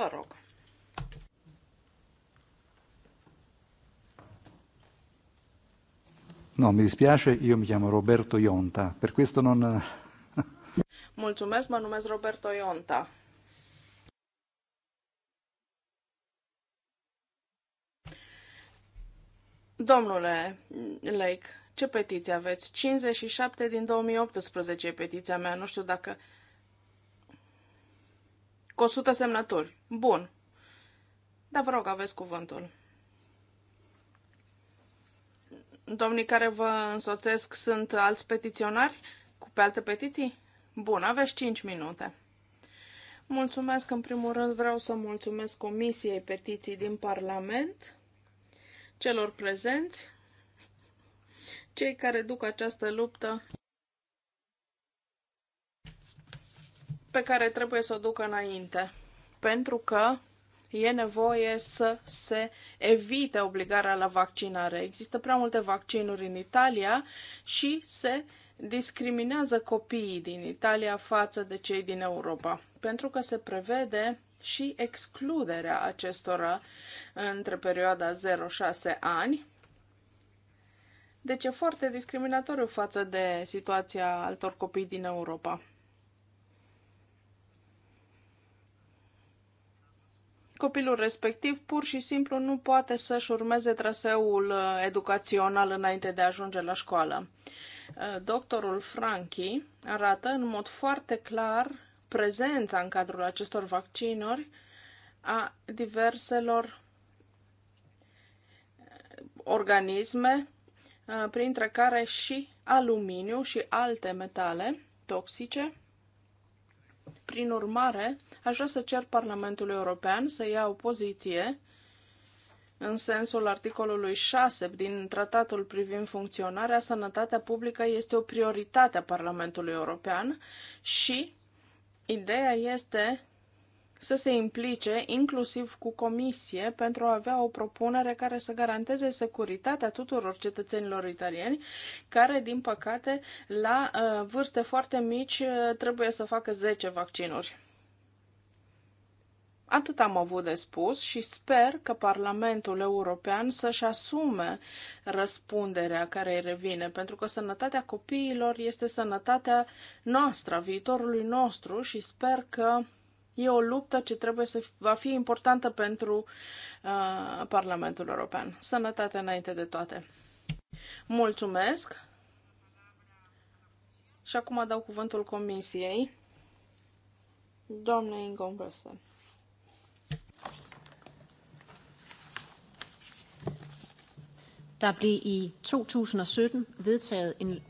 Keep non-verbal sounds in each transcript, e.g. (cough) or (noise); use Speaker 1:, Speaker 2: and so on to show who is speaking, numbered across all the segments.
Speaker 1: Vă rog.
Speaker 2: No, mi dispiace, Eu mi chiamo Roberto Ionta, per questo non... Eh,
Speaker 1: (laughs) Mulțumesc, mă numesc Roberto Ionta. Domnule Lake, ce petiție aveți? 57 din 2018 e petiția mea, nu știu dacă cu 100 semnături. Bun. Dar vă rog, aveți cuvântul. Domnii care vă însoțesc sunt alți petiționari cu pe alte petiții? Bun, aveți 5 minute. Mulțumesc, în primul rând vreau să mulțumesc Comisiei Petiții din Parlament, celor prezenți, cei care duc această luptă pe care trebuie să o ducă înainte, pentru că e nevoie să se evite obligarea la vaccinare. Există prea multe vaccinuri în Italia și se discriminează copiii din Italia față de cei din Europa, pentru că se prevede și excluderea acestora între perioada 0-6 ani. Deci e foarte discriminatoriu față de situația altor copii din Europa. copilul respectiv pur și simplu nu poate să-și urmeze traseul uh, educațional înainte de a ajunge la școală. Uh, doctorul Franchi arată în mod foarte clar prezența în cadrul acestor vaccinuri a diverselor uh, organisme, printre care și aluminiu și alte metale toxice, prin urmare, aș vrea să cer Parlamentului European să ia o poziție în sensul articolului 6 din tratatul privind funcționarea, sănătatea publică este o prioritate a Parlamentului European și ideea este să se implice inclusiv cu comisie pentru a avea o propunere care să garanteze securitatea tuturor cetățenilor italieni care, din păcate, la uh, vârste foarte mici uh, trebuie să facă 10 vaccinuri. Atât am avut de spus și sper că Parlamentul European să-și asume răspunderea care îi revine, pentru că sănătatea copiilor este sănătatea noastră, viitorului nostru și sper că E o luptă ce trebuie să va fi importantă pentru uh, Parlamentul European. Sănătate înainte de toate. Mulțumesc! Și acum dau cuvântul Comisiei. Doamne Ingombrăsă.
Speaker 2: Der blev i 2017 vedtaget en,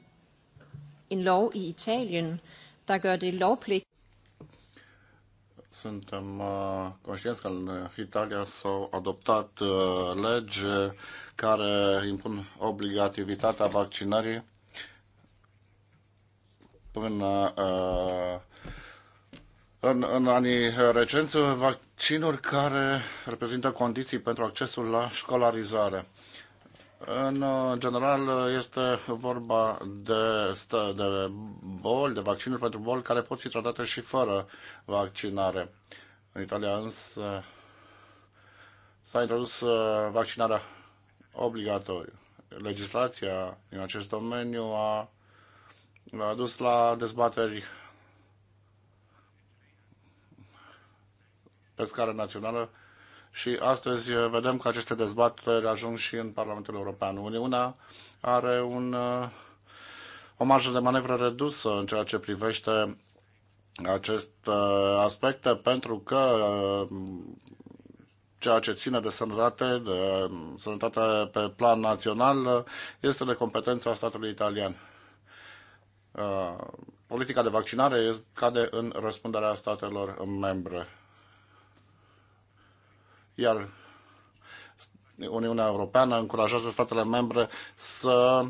Speaker 2: en lov i Italien, der gør det lovpligt
Speaker 3: suntem uh, conștienți că în Italia s-au adoptat uh, legi care impun obligativitatea vaccinării până uh, în, în anii recenți vaccinuri care reprezintă condiții pentru accesul la școlarizare. În uh, general uh, este vorba de, stă, de boli, de vaccinuri pentru boli care pot fi tratate și fără vaccinare. În Italia însă s-a introdus uh, vaccinarea obligatoriu. Legislația din acest domeniu a, a dus la dezbateri pe scară națională și astăzi eh, vedem că aceste dezbateri ajung și în Parlamentul European. Uniunea are un, eh, o marjă de manevră redusă în ceea ce privește aceste eh, aspecte pentru că ceea ce ține de sănătate, de sănătate pe plan național, este de competența statului italian. Politica de vaccinare cade în răspunderea statelor membre iar Uniunea Europeană încurajează statele membre să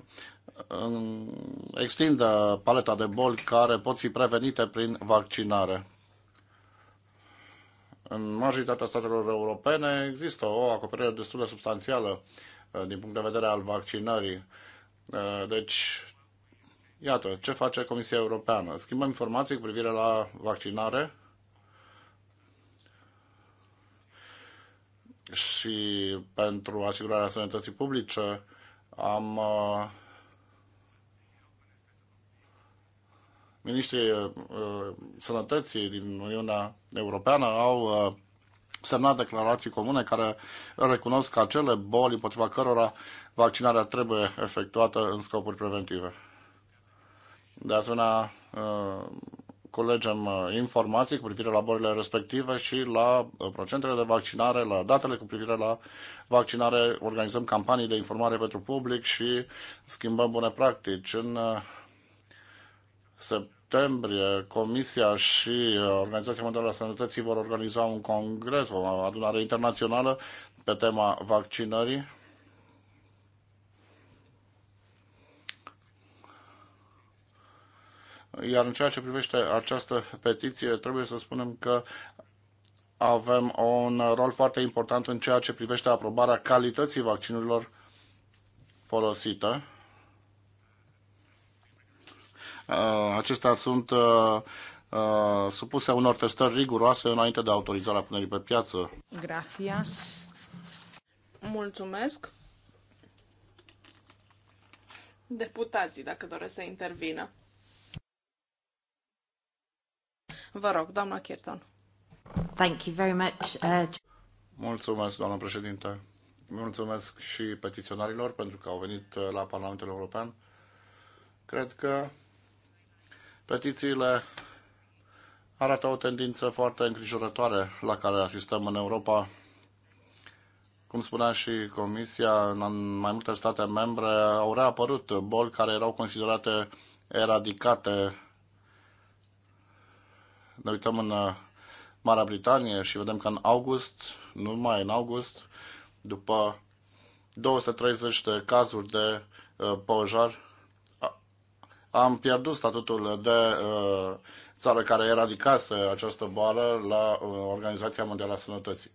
Speaker 3: extindă paleta de boli care pot fi prevenite prin vaccinare. În majoritatea statelor europene există o acoperire destul de substanțială eh, din punct de vedere al vaccinării. Eh, deci, iată, ce face Comisia Europeană? Schimbăm informații cu privire la vaccinare și pentru asigurarea sănătății publice am uh, ministrii uh, sănătății din Uniunea Europeană au uh, semnat declarații comune care recunosc acele boli împotriva cărora vaccinarea trebuie efectuată în scopuri preventive. De asemenea, uh, culegem uh, informații cu privire la bolile respective și la uh, procentele de vaccinare, la datele cu privire la vaccinare, organizăm campanii de informare pentru public și schimbăm bune practici. În uh, septembrie, Comisia și Organizația Mondială a Sănătății vor organiza un congres, o adunare internațională pe tema vaccinării Iar în ceea ce privește această petiție, trebuie să spunem că avem un rol foarte important în ceea ce privește aprobarea calității vaccinurilor folosite. Uh, acestea sunt uh, uh, supuse unor testări riguroase înainte de autorizarea punerii pe piață.
Speaker 1: Gracias. Mulțumesc. Deputații, dacă doresc să intervină. Vă rog, doamna Kirton.
Speaker 3: Thank you very much. Uh... Mulțumesc, doamna președinte. Mulțumesc și petiționarilor pentru că au venit uh, la Parlamentul European. Cred că petițiile arată o tendință foarte îngrijorătoare la care asistăm în Europa. Cum spunea și Comisia, în mai multe state membre au reapărut boli care erau considerate eradicate ne uităm în uh, Marea Britanie și vedem că în august, numai în august, după 230 de cazuri de uh, pojar, am pierdut statutul de uh, țară care eradicase această boală la uh, Organizația Mondială a Sănătății.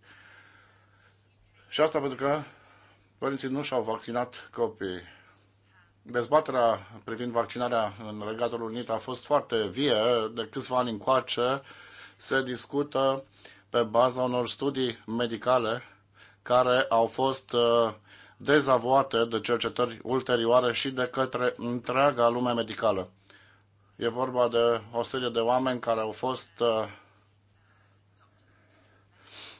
Speaker 3: Și asta pentru că părinții nu și-au vaccinat copiii dezbaterea privind vaccinarea în Regatul Unit a fost foarte vie. De câțiva ani încoace se discută pe baza unor studii medicale care au fost uh, dezavoate de cercetări ulterioare și de către întreaga lume medicală. E vorba de o serie de oameni care au fost uh,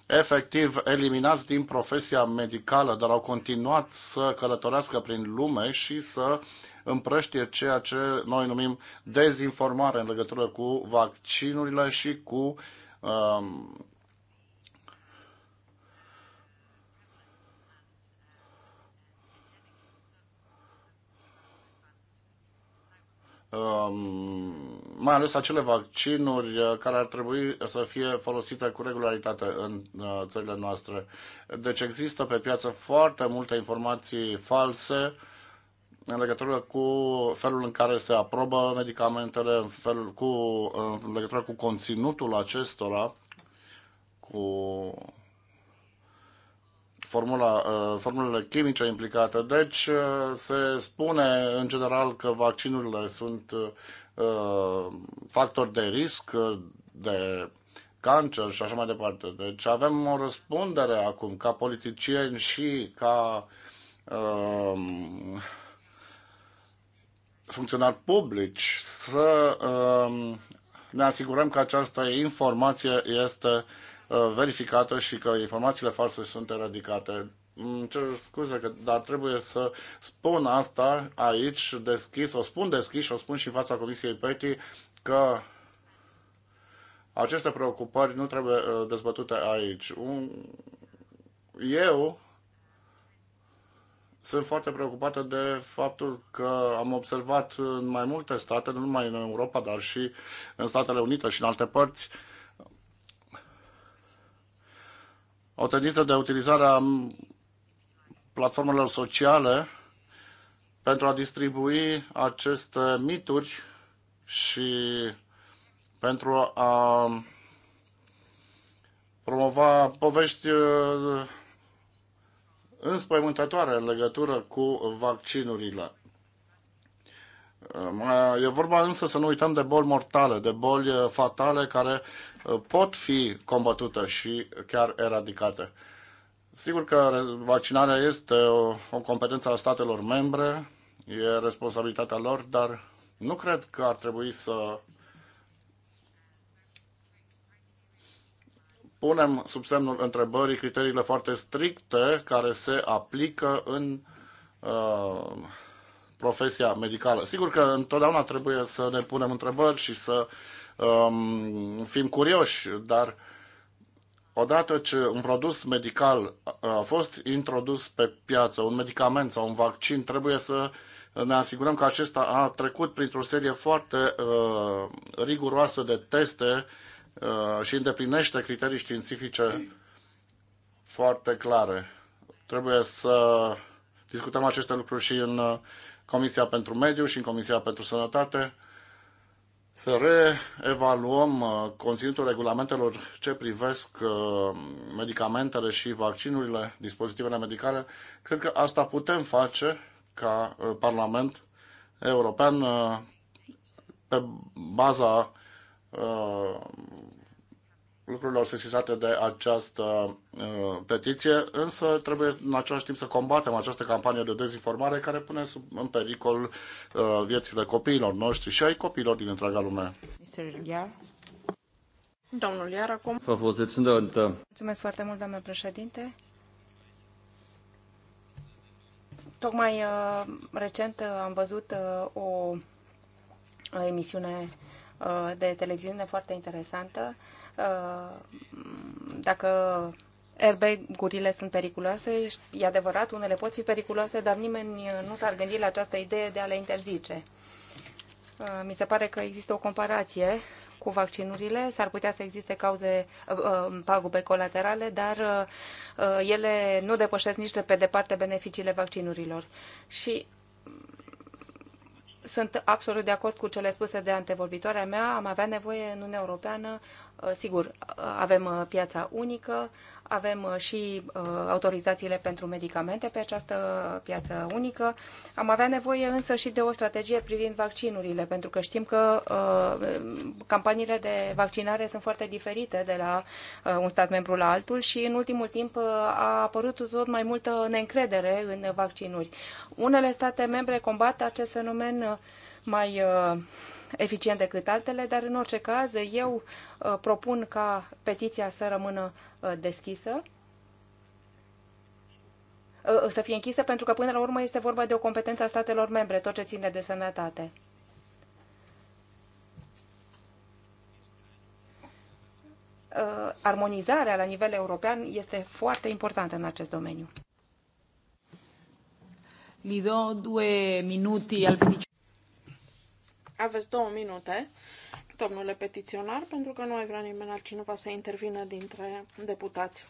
Speaker 3: efectiv eliminați din profesia medicală, dar au continuat să călătorească prin lume și să împrăștie ceea ce noi numim dezinformare în legătură cu vaccinurile și cu um, Um, mai ales acele vaccinuri uh, care ar trebui să fie folosite cu regularitate în uh, țările noastre. Deci există pe piață foarte multe informații false în legătură cu felul în care se aprobă medicamentele, în, felul, cu, uh, în legătură cu conținutul acestora, cu formula, uh, formulele chimice implicate. Deci uh, se spune în general că vaccinurile sunt uh, factori de risc, de cancer și așa mai departe. Deci avem o răspundere acum ca politicieni și ca um, funcționari publici să um, ne asigurăm că această informație este Uh, verificată și că informațiile false sunt eradicate. Îmi mm, cer scuze, că, dar trebuie să spun asta aici deschis, o spun deschis și o spun și în fața Comisiei PETI că aceste preocupări nu trebuie uh, dezbătute aici. Eu sunt foarte preocupată de faptul că am observat în mai multe state, nu numai în Europa, dar și în Statele Unite și în alte părți, uh, o tendință de utilizare a platformelor sociale pentru a distribui aceste mituri și pentru a promova povești uh, înspăimântătoare în legătură cu vaccinurile. E vorba însă să nu uităm de boli mortale, de boli uh, fatale care uh, pot fi combătute și chiar eradicate. Sigur că vaccinarea este o, o competență a statelor membre, e responsabilitatea lor, dar nu cred că ar trebui să punem sub semnul întrebării criteriile foarte stricte care se aplică în uh, profesia medicală. Sigur că întotdeauna trebuie să ne punem întrebări și să um, fim curioși, dar odată ce un produs medical a fost introdus pe piață, un medicament sau un vaccin, trebuie să ne asigurăm că acesta a trecut printr-o serie foarte uh, riguroasă de teste uh, și îndeplinește criterii științifice foarte clare. Trebuie să discutăm aceste lucruri și în uh, Comisia pentru Mediu și în Comisia pentru Sănătate să reevaluăm uh, conținutul regulamentelor ce privesc uh, medicamentele și vaccinurile, dispozitivele medicale. Cred că asta putem face ca uh, Parlament European pe baza lucrurilor sesizate de această uh, petiție, însă trebuie în același timp să combatem această campanie de dezinformare care pune sub, în pericol uh, viețile copiilor noștri și ai copiilor din întreaga lume.
Speaker 2: Domnul Iar acum.
Speaker 3: Mulțumesc
Speaker 2: foarte mult, doamnă președinte. Tocmai uh, recent uh, am văzut uh, o uh, emisiune uh, de televiziune foarte interesantă uh, Uh, dacă airbag-urile sunt periculoase, e adevărat, unele pot fi periculoase, dar nimeni nu s-ar gândi la această idee de a le interzice. Uh, mi se pare că există o comparație cu vaccinurile, s-ar putea să existe cauze uh, pagube colaterale, dar ele nu depășesc nici de pe departe beneficiile vaccinurilor. Și sunt absolut de acord cu cele spuse de antevorbitoarea mea. Am avea nevoie în Uniunea Europeană, uh, sigur, uh, avem uh, piața unică, avem uh, și uh, autorizațiile pentru medicamente pe această piață unică. Am avea nevoie însă și de o strategie privind vaccinurile, pentru că știm că uh, campaniile de vaccinare sunt foarte diferite de la un stat membru la altul și în ultimul timp a apărut tot mai multă neîncredere în vaccinuri. Unele state membre combat acest fenomen mai eficient decât altele, dar în orice caz eu uh, propun ca petiția să rămână uh, deschisă uh, să fie închisă, pentru că până la urmă este vorba de o competență a statelor membre, tot ce ține de sănătate. Armonizarea la nivel european este foarte importantă în acest domeniu. Li do due minuti al
Speaker 1: aveți două minute, domnule petiționar, pentru că nu ai vrea nimeni altcineva să intervină dintre deputați.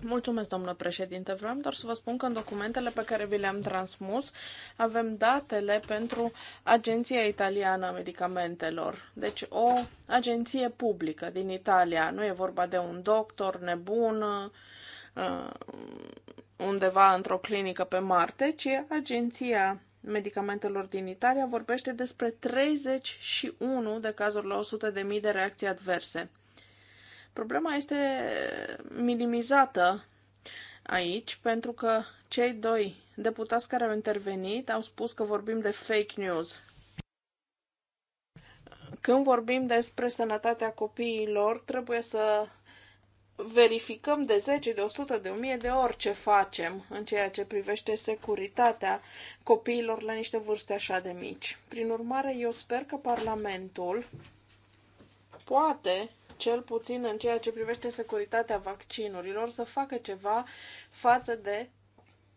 Speaker 1: Mulțumesc, domnule președinte. Vreau doar să vă spun că în documentele pe care vi le-am transmis avem datele pentru Agenția Italiană a Medicamentelor. Deci o agenție publică din Italia. Nu e vorba de un doctor nebun uh, undeva într-o clinică pe Marte, ci Agenția medicamentelor din Italia vorbește despre 31 de cazuri la 100.000 de reacții adverse. Problema este minimizată aici pentru că cei doi deputați care au intervenit au spus că vorbim de fake news. Când vorbim despre sănătatea copiilor, trebuie să verificăm de 10, de 100, de 1000, de ori ce facem în ceea ce privește securitatea copiilor la niște vârste așa de mici. Prin urmare, eu sper că Parlamentul poate cel puțin în ceea ce privește securitatea vaccinurilor, să facă ceva față de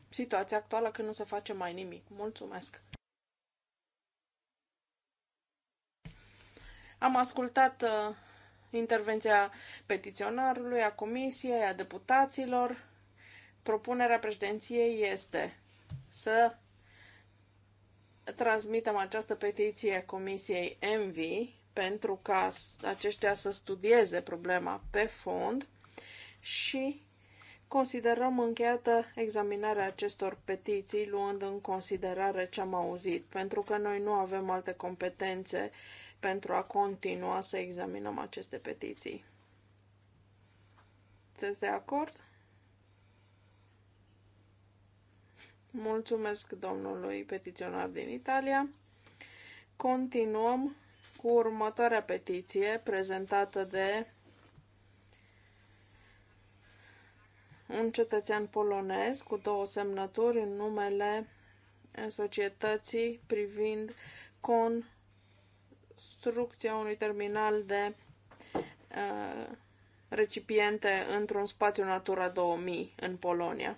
Speaker 1: situația actuală când nu se face mai nimic. Mulțumesc! Am ascultat uh, intervenția petiționarului, a comisiei, a deputaților. Propunerea președinției este să transmitem această petiție comisiei ENVI pentru ca aceștia să studieze problema pe fond și considerăm încheiată examinarea acestor petiții, luând în considerare ce am auzit, pentru că noi nu avem alte competențe pentru a continua să examinăm aceste petiții. Sunteți de acord? Mulțumesc domnului petiționar din Italia. Continuăm cu următoarea petiție prezentată de un cetățean polonez cu două semnături în numele societății privind con construcția unui terminal de uh, recipiente într-un spațiu Natura 2000 în Polonia.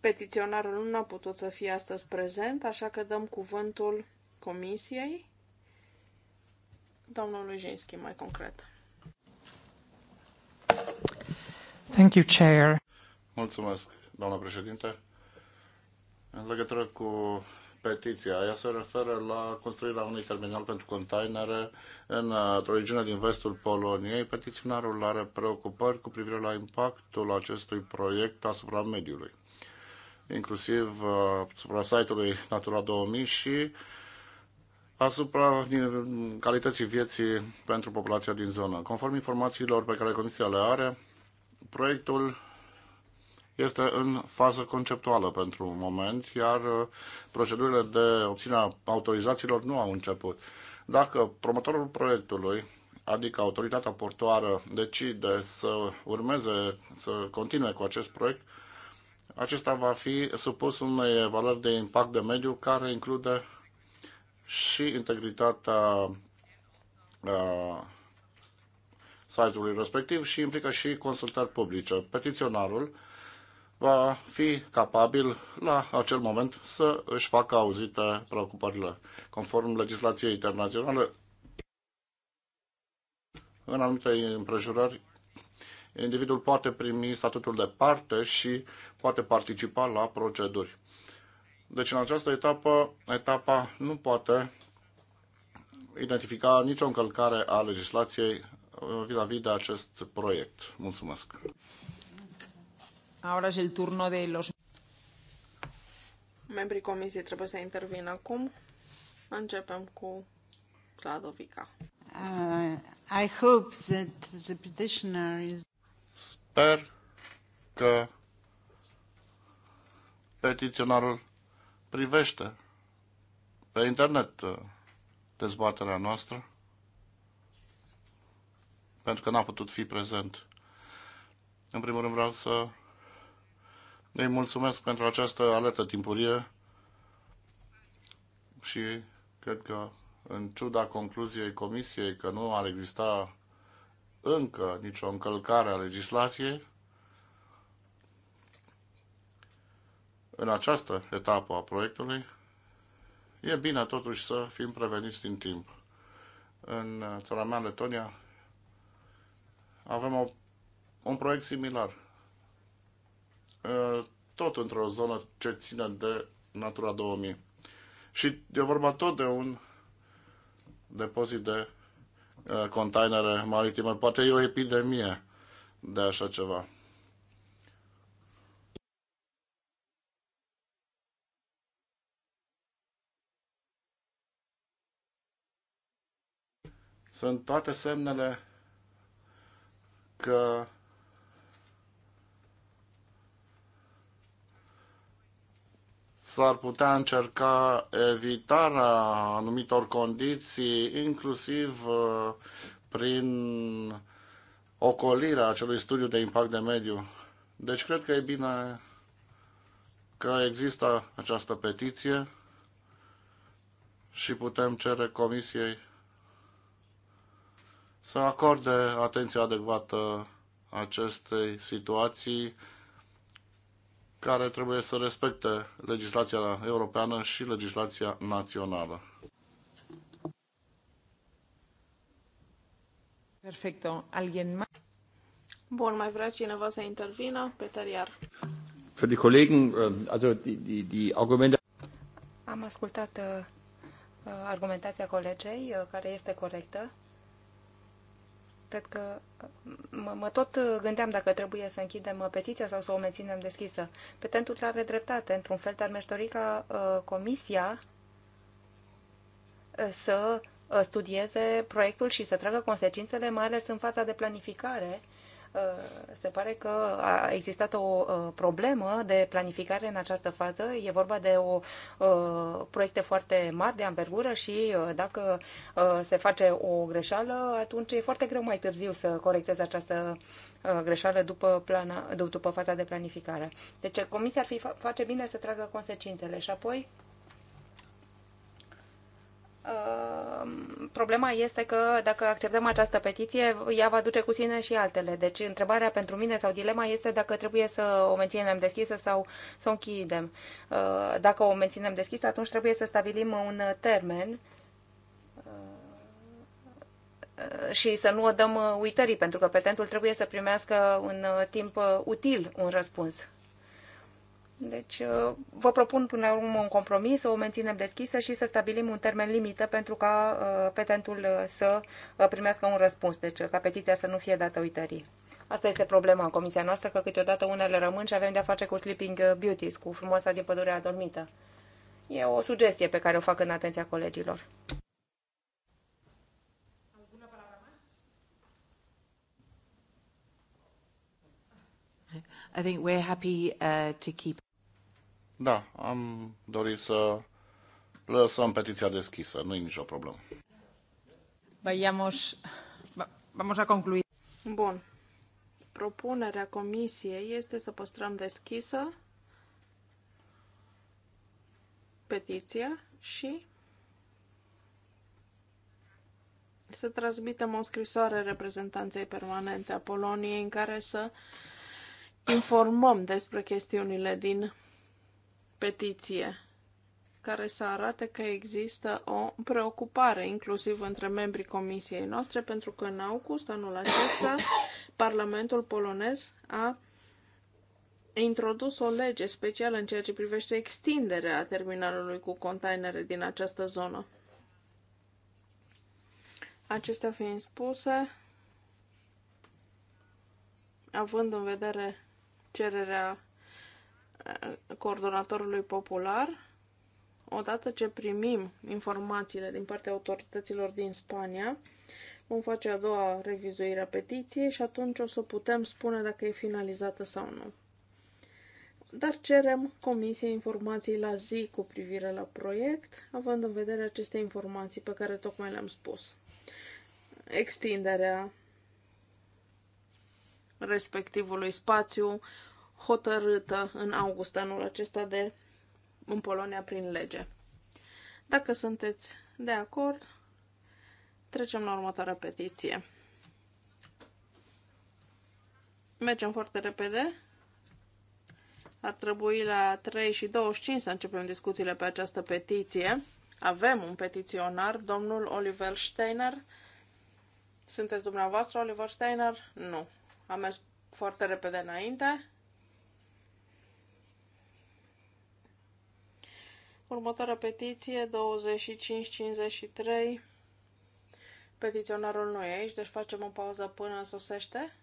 Speaker 1: Petiționarul nu a putut să fie astăzi prezent, așa că dăm cuvântul comisiei domnului
Speaker 3: Jinski mai concret. Thank you, Chair. Mulțumesc, doamna președinte. În legătură cu petiția. Ea se referă la construirea unui terminal pentru containere în o regiune din vestul Poloniei. Petiționarul are preocupări cu privire la impactul acestui proiect asupra mediului, inclusiv uh, asupra site-ului Natura 2000 și asupra calității vieții pentru populația din zonă. Conform informațiilor pe care Comisia le are, proiectul este în fază conceptuală pentru un moment, iar uh, procedurile de obținere a autorizațiilor nu au început. Dacă promotorul proiectului, adică autoritatea portoară, decide să urmeze, să continue cu acest proiect, acesta va fi supus unei valori de impact de mediu care include și integritatea uh, site-ului respectiv și implică și consultări publice. Petiționarul va fi capabil la acel moment să își facă auzite preocupările. Conform legislației internaționale, în anumite împrejurări, individul poate primi statutul de parte și poate participa la proceduri. Deci în această etapă, etapa nu poate identifica nicio încălcare a legislației uh, vis-a-vis -vis de acest proiect. Mulțumesc!
Speaker 2: Ahora es el turno de los...
Speaker 1: Membrii comisiei trebuie să intervină acum. Începem cu Sladovica.
Speaker 2: Uh,
Speaker 1: I hope that the petitioner is...
Speaker 3: Sper că petiționarul privește pe internet uh, dezbaterea noastră pentru că n-a putut fi prezent. În primul rând vreau să îi mulțumesc pentru această alertă timpurie și cred că în ciuda concluziei Comisiei că nu ar exista încă nicio încălcare a legislației, în această etapă a proiectului, e bine totuși să fim preveniți din timp. În țara mea, Letonia, avem o, un proiect similar. Uh, tot într-o zonă ce ține de Natura 2000. Și e vorba tot de un depozit de uh, containere maritime. Poate e o epidemie de așa ceva. Sunt toate semnele că s-ar putea încerca evitarea anumitor condiții, inclusiv uh, prin ocolirea acelui studiu de impact de mediu. Deci cred că e bine că există această petiție și putem cere Comisiei să acorde atenție adecvată acestei situații care trebuie să respecte legislația europeană și legislația națională.
Speaker 1: Perfecto. Alguien mai? Bun, mai vrea cineva să intervină?
Speaker 2: Peter Iar.
Speaker 3: Für die Kollegen, äh, also die, die, die Argumente...
Speaker 2: Am ascultat uh, argumentația colegei, uh, care este corectă. Cred că mă, mă tot gândeam dacă trebuie să închidem uh, petiția sau să o menținem deschisă. Petentul are dreptate, într-un fel, dar mi-aș dori ca uh, comisia uh, să uh, studieze proiectul și să tragă consecințele, mai ales în fața de planificare Eh, se pare că a existat o eh, problemă de planificare în această fază. E vorba de o eh, proiecte foarte mari de ambergură și dacă se face o greșeală, atunci e foarte greu mai târziu să corectezi această greșeală după, plana, după faza de planificare. Deci comisia ar fi face bine să tragă consecințele și apoi Ehm, problema este că dacă acceptăm această petiție, ea va duce cu sine și altele. Deci întrebarea pentru mine sau dilema este dacă trebuie să o menținem deschisă sau să o închidem. Ehm, dacă o menținem deschisă, atunci trebuie să stabilim un termen ehm, și să nu o dăm uitării, pentru că petentul trebuie să primească în timp util un răspuns. Deci uh, vă propun până la urmă un compromis, să o menținem deschisă și să stabilim un termen limită pentru ca uh, petentul uh, să primească un răspuns, deci ca petiția să nu fie dată uitării. Asta este problema în comisia noastră, că câteodată unele rămân și avem de-a face cu sleeping beauties, cu frumoasa din pădurea adormită. E o sugestie pe care o fac în atenția colegilor. I think we're happy uh, to keep
Speaker 3: da, am dorit să lăsăm petiția deschisă, nu e nicio problemă.
Speaker 2: Vayamos, vamos a concluir.
Speaker 1: Bun. Propunerea comisiei este să păstrăm deschisă petiția și să transmitem o scrisoare reprezentanței permanente a Poloniei în care să informăm despre chestiunile din petiție care să arate că există o preocupare, inclusiv între membrii comisiei noastre, pentru că în august anul acesta Parlamentul polonez a introdus o lege specială în ceea ce privește extinderea terminalului cu containere din această zonă. Acestea fiind spuse, având în vedere cererea coordonatorului popular, odată ce primim informațiile din partea autorităților din Spania, vom face a doua revizuire a petiției și atunci o să putem spune dacă e finalizată sau nu. Dar cerem Comisiei informații la zi cu privire la proiect, având în vedere aceste informații pe care tocmai le-am spus. Extinderea respectivului spațiu hotărâtă în august anul acesta de în Polonia prin lege. Dacă sunteți de acord, trecem la următoarea petiție. Mergem foarte repede. Ar trebui la 3 și 25 să începem discuțiile pe această petiție. Avem un petiționar, domnul Oliver Steiner. Sunteți dumneavoastră, Oliver Steiner? Nu. Am mers foarte repede înainte. Următoarea petiție, 2553. Petiționarul nu e aici, deci facem o pauză până sosește.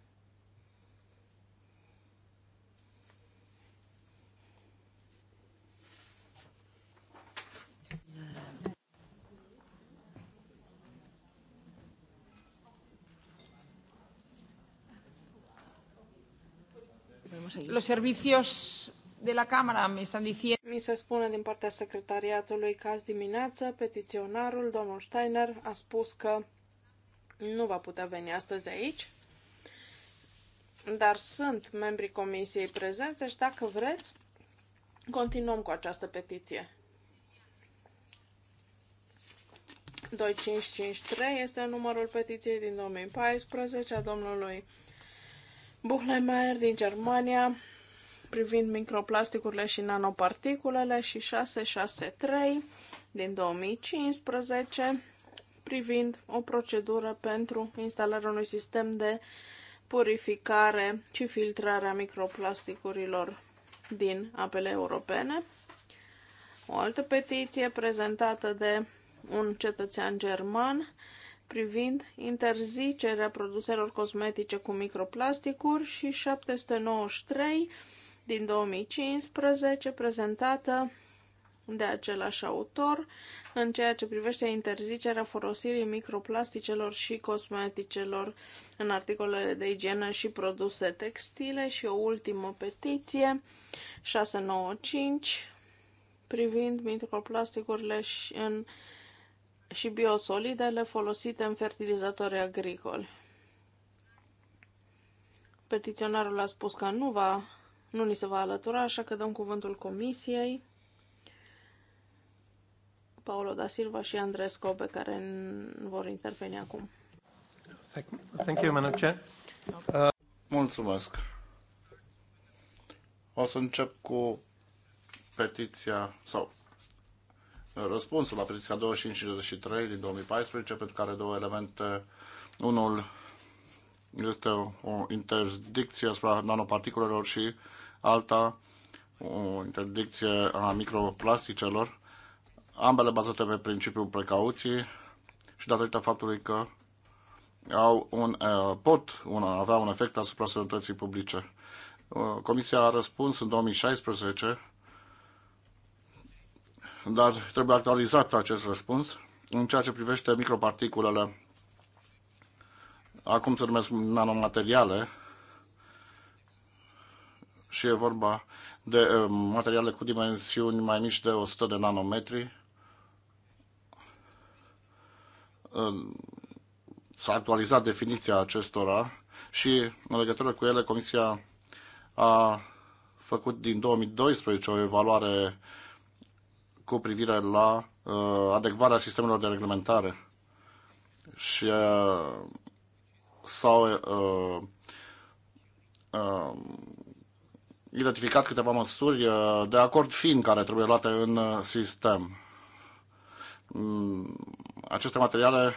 Speaker 1: Los servicios de la Camera mi s-a diciendo... Mi se spune din partea secretariatului că azi dimineață petiționarul, domnul Steiner, a spus că nu va putea veni astăzi aici, dar sunt membrii comisiei prezenți, deci dacă vreți, continuăm cu această petiție. 2553 este numărul petiției din 2014 a domnului Buchlemeier din Germania, privind microplasticurile și nanoparticulele și 663 din 2015 privind o procedură pentru instalarea unui sistem de purificare și filtrare a microplasticurilor din apele europene. O altă petiție prezentată de un cetățean german privind interzicerea produselor cosmetice cu microplasticuri și 793 din 2015, prezentată de același autor, în ceea ce privește interzicerea folosirii microplasticelor și cosmeticelor în articolele de igienă și produse textile și o ultimă petiție, 695, privind microplasticurile și, în, și biosolidele folosite în fertilizatori agricoli. Petiționarul a spus că nu va nu ni se va alătura, așa că dăm cuvântul comisiei. Paolo da Silva și Andres pe care vor interveni acum.
Speaker 3: Thank you, Madam Chair. Uh... Mulțumesc. O să încep cu petiția sau uh, răspunsul la petiția 2563 din 2014, pentru care două elemente, unul este o interdicție asupra nanoparticulelor și alta o interdicție a microplasticelor, ambele bazate pe principiul precauției și datorită faptului că au un, uh, pot un, avea un efect asupra sănătății publice. Uh, comisia a răspuns în 2016, dar trebuie actualizat acest răspuns în ceea ce privește microparticulele, acum se numesc nanomateriale, și e vorba de uh, materiale cu dimensiuni mai mici de 100 de nanometri. Uh, s-a actualizat definiția acestora și în legătură cu ele Comisia a făcut din 2012 o evaluare cu privire la uh, adecvarea sistemelor de reglementare și uh, sau uh, uh, identificat câteva măsuri uh, de acord fin care trebuie luate în uh, sistem. Mm, aceste materiale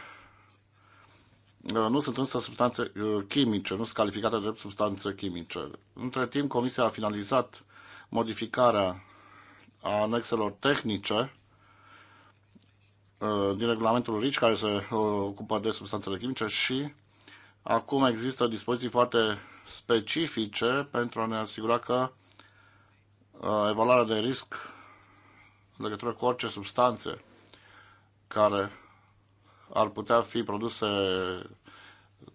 Speaker 3: uh, nu sunt însă substanțe chimice, nu sunt calificate drept substanțe chimice. Între timp, Comisia a finalizat modificarea anexelor tehnice din regulamentul RICI care se ocupă de substanțele chimice și acum există dispoziții foarte specifice pentru a ne asigura că uh, evaluarea de risc în legătură cu orice substanțe care ar putea fi produse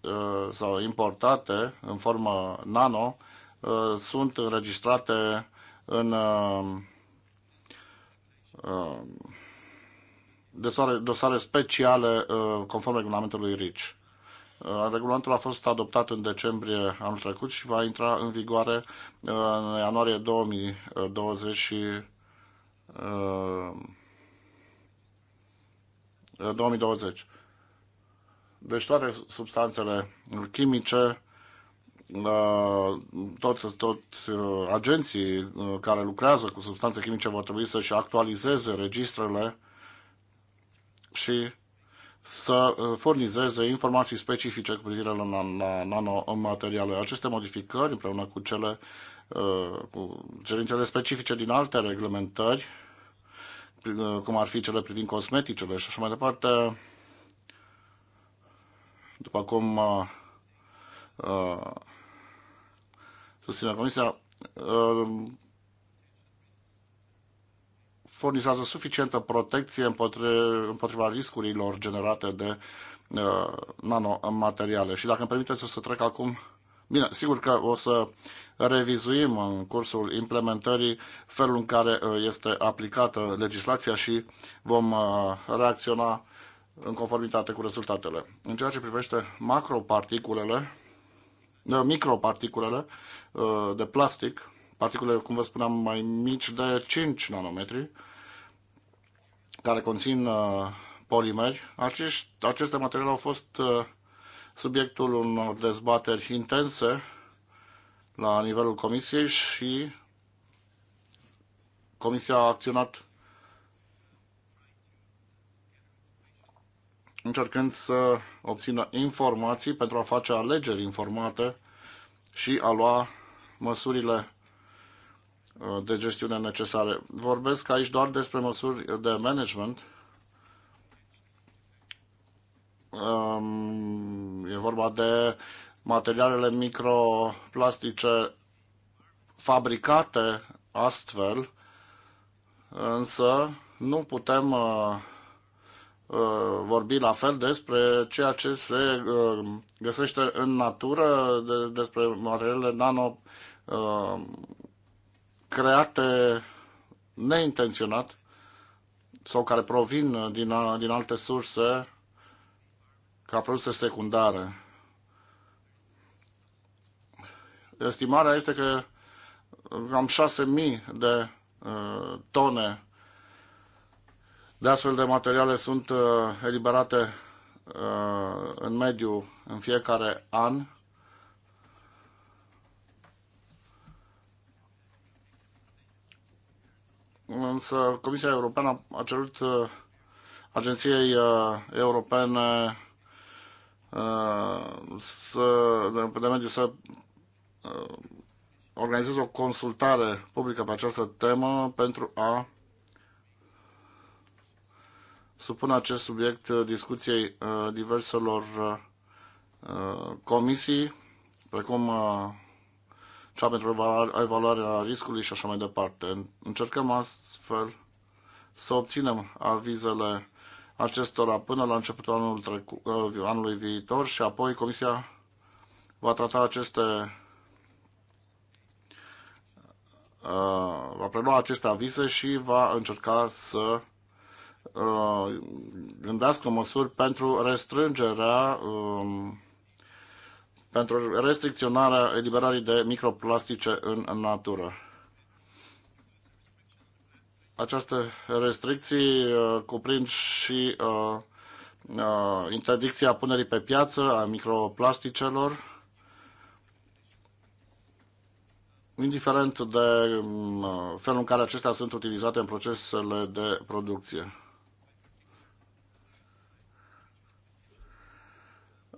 Speaker 3: uh, sau importate în formă nano uh, sunt înregistrate în dosare, dosare speciale conform regulamentului RICI. Uh, regulamentul a fost adoptat în decembrie anul trecut și va intra în vigoare uh, în ianuarie 2020 uh, și 2020. Deci toate substanțele chimice, toți, toți agenții care lucrează cu substanțe chimice vor trebui să-și actualizeze registrele și să uh, furnizeze informații specifice cu privire la, la nanomateriale. Aceste modificări, împreună cu cele uh, cu cerințele specifice din alte reglementări, uh, cum ar fi cele privind cosmeticele și așa mai departe, după cum uh, uh, susține Comisia, uh, furnizează suficientă protecție împotriva riscurilor generate de uh, nanomateriale. Și dacă îmi permiteți să trec acum Bine, sigur că o să revizuim în cursul implementării felul în care uh, este aplicată legislația și vom uh, reacționa în conformitate cu rezultatele. În ceea ce privește macroparticulele, uh, microparticulele de plastic, particulele cum vă spuneam, mai mici de 5 nanometri, care conțin uh, polimeri. Acești, aceste materiale au fost uh, subiectul unor dezbateri intense la nivelul comisiei și comisia a acționat încercând să obțină informații pentru a face alegeri informate și a lua măsurile de gestiune necesare. Vorbesc aici doar despre măsuri de management. E vorba de materialele microplastice fabricate astfel, însă nu putem uh, uh, vorbi la fel despre ceea ce se uh, găsește în natură, despre materialele nano create neintenționat sau care provin din, din alte surse ca produse secundare. Estimarea este că cam 6.000 de uh, tone de astfel de materiale sunt uh, eliberate uh, în mediu în fiecare an însă Comisia Europeană a cerut uh, Agenției uh, Europene uh, să, de, mediu să organizeze o consultare publică pe această temă pentru a supune acest subiect discuției diverselor comisii, precum cea pentru evaluarea riscului și așa mai departe. Încercăm astfel să obținem avizele acestora până la începutul anul trecu- uh, anului viitor și apoi Comisia va trata aceste uh, va prelua aceste avize și va încerca să uh, gândească măsuri pentru restrângerea um, pentru restricționarea eliberării de microplastice în natură. Aceste restricții uh, cuprind și uh, uh, interdicția punerii pe piață a microplasticelor, indiferent de mm, uh, felul în care acestea sunt utilizate în procesele de producție.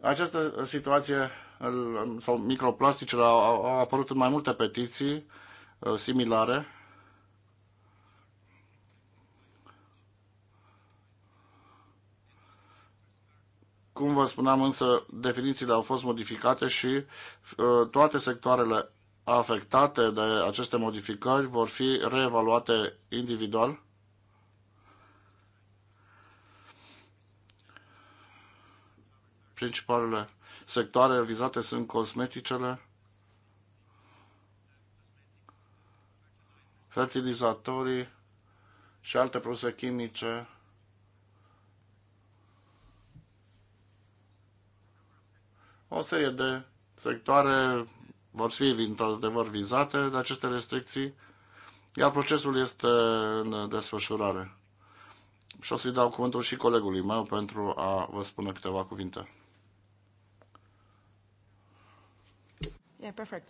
Speaker 3: Această situație sau microplasticele au, au apărut în mai multe petiții uh, similare. Cum vă spuneam însă, definițiile au fost modificate și uh, toate sectoarele afectate de aceste modificări vor fi reevaluate individual. Principalele sectoare vizate sunt cosmeticele, fertilizatorii și alte produse chimice. O serie de sectoare vor fi într-adevăr vizate de aceste restricții, iar procesul este în desfășurare. Și o să-i dau cuvântul și colegului meu pentru a vă spune câteva cuvinte.
Speaker 2: Yeah, perfect.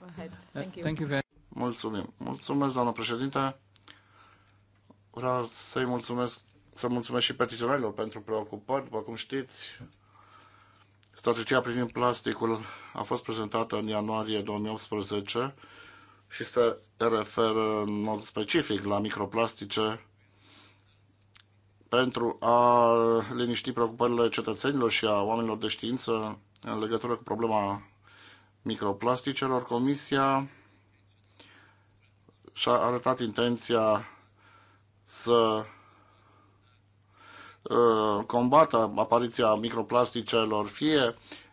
Speaker 2: Go ahead. Thank you. Thank you very
Speaker 3: Mulțumim. Mulțumesc, doamnă președinte. Vreau să-i mulțumesc, să mulțumesc și petiționarilor pentru preocupări. După cum știți, strategia privind plasticul a fost prezentată în ianuarie 2018 și se referă în mod specific la microplastice pentru a liniști preocupările cetățenilor și a oamenilor de știință în legătură cu problema microplasticelor, Comisia și-a arătat intenția să uh, combată apariția microplasticelor, fie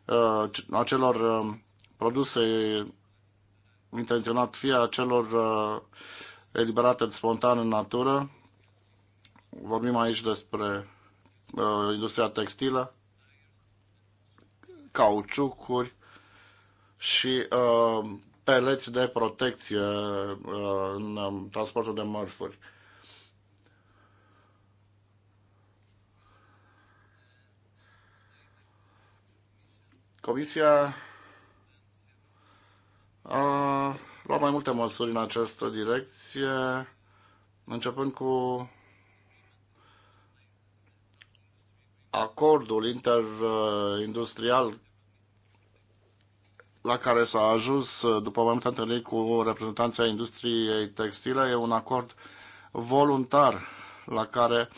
Speaker 3: uh, a celor uh, produse intenționat, fie a celor eliberate spontan în natură. Vorbim aici despre industria textilă, cauciucuri, și uh, peleți de protecție uh, în um, transportul de mărfuri. Comisia a luat mai multe măsuri în această direcție, începând cu acordul interindustrial la care s-a ajuns uh, după mai multe întâlniri cu reprezentanții industriei textile. E un acord voluntar la care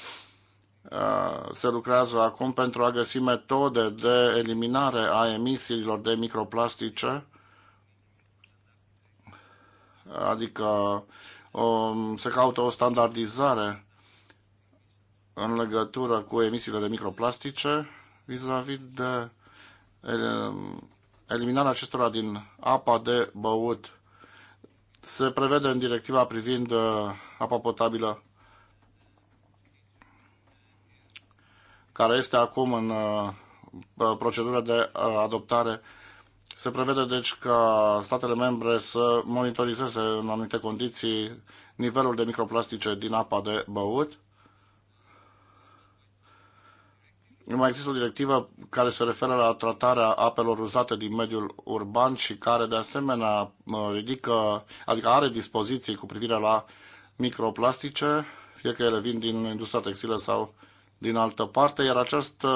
Speaker 3: uh, se lucrează acum pentru a găsi metode de eliminare a emisiilor de microplastice, adică um, se caută o standardizare în legătură cu emisiile de microplastice vis-a-vis -vis de um, eliminarea acestora din apa de băut se prevede în directiva privind uh, apa potabilă care este acum în uh, uh, procedură de adoptare. Se prevede deci ca statele membre să monitorizeze în anumite condiții nivelul de microplastice din apa de băut. mai există o directivă care se referă la tratarea apelor uzate din mediul urban și care de asemenea ridică, adică are dispoziții cu privire la microplastice, fie că ele vin din industria textilă sau din altă parte, iar această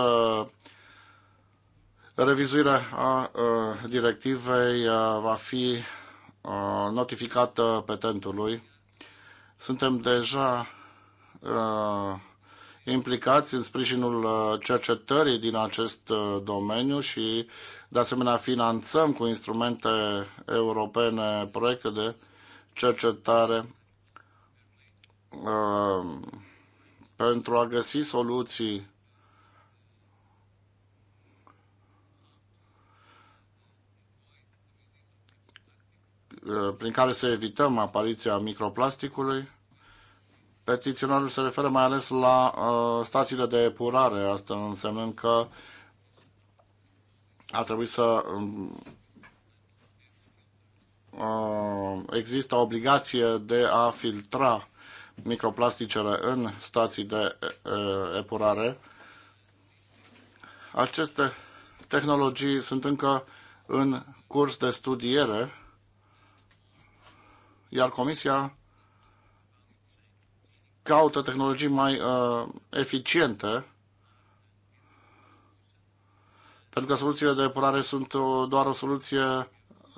Speaker 3: revizuire a ă, directivei ă, va fi ă, notificată petentului. Suntem deja implicați în sprijinul uh, cercetării din acest uh, domeniu și, de asemenea, finanțăm cu instrumente europene proiecte de cercetare uh, pentru a găsi soluții prin care să evităm apariția microplasticului. Petiționarul se referă mai ales la uh, stațiile de epurare, asta însemnând că ar trebui să um, uh, există obligație de a filtra microplasticele în stații de uh, epurare. Aceste tehnologii sunt încă în curs de studiere, iar Comisia caută tehnologii mai uh, eficiente, pentru că soluțiile de epurare sunt o, doar o soluție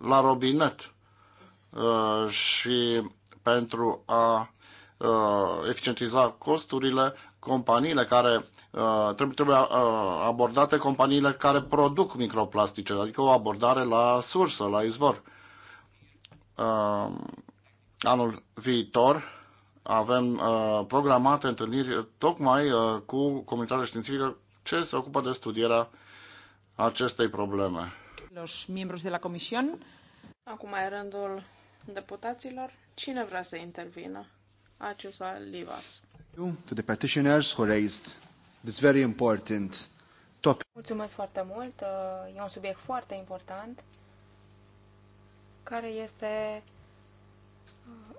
Speaker 3: la robinet uh, și pentru a uh, eficientiza costurile, companiile care uh, trebuie, trebuie uh, abordate companiile care produc microplastice, adică o abordare la sursă, la izvor. Uh, anul viitor avem uh, programate întâlniri tocmai uh, cu comunitatea științifică ce se ocupă de studierea acestei probleme.
Speaker 2: Los miembros de la comisión.
Speaker 1: Acum e rândul deputaților. Cine vrea să intervină? Acesta Livas.
Speaker 3: To the petitioners who raised this very important topic.
Speaker 2: Mulțumesc foarte mult. Uh, e un subiect foarte important care este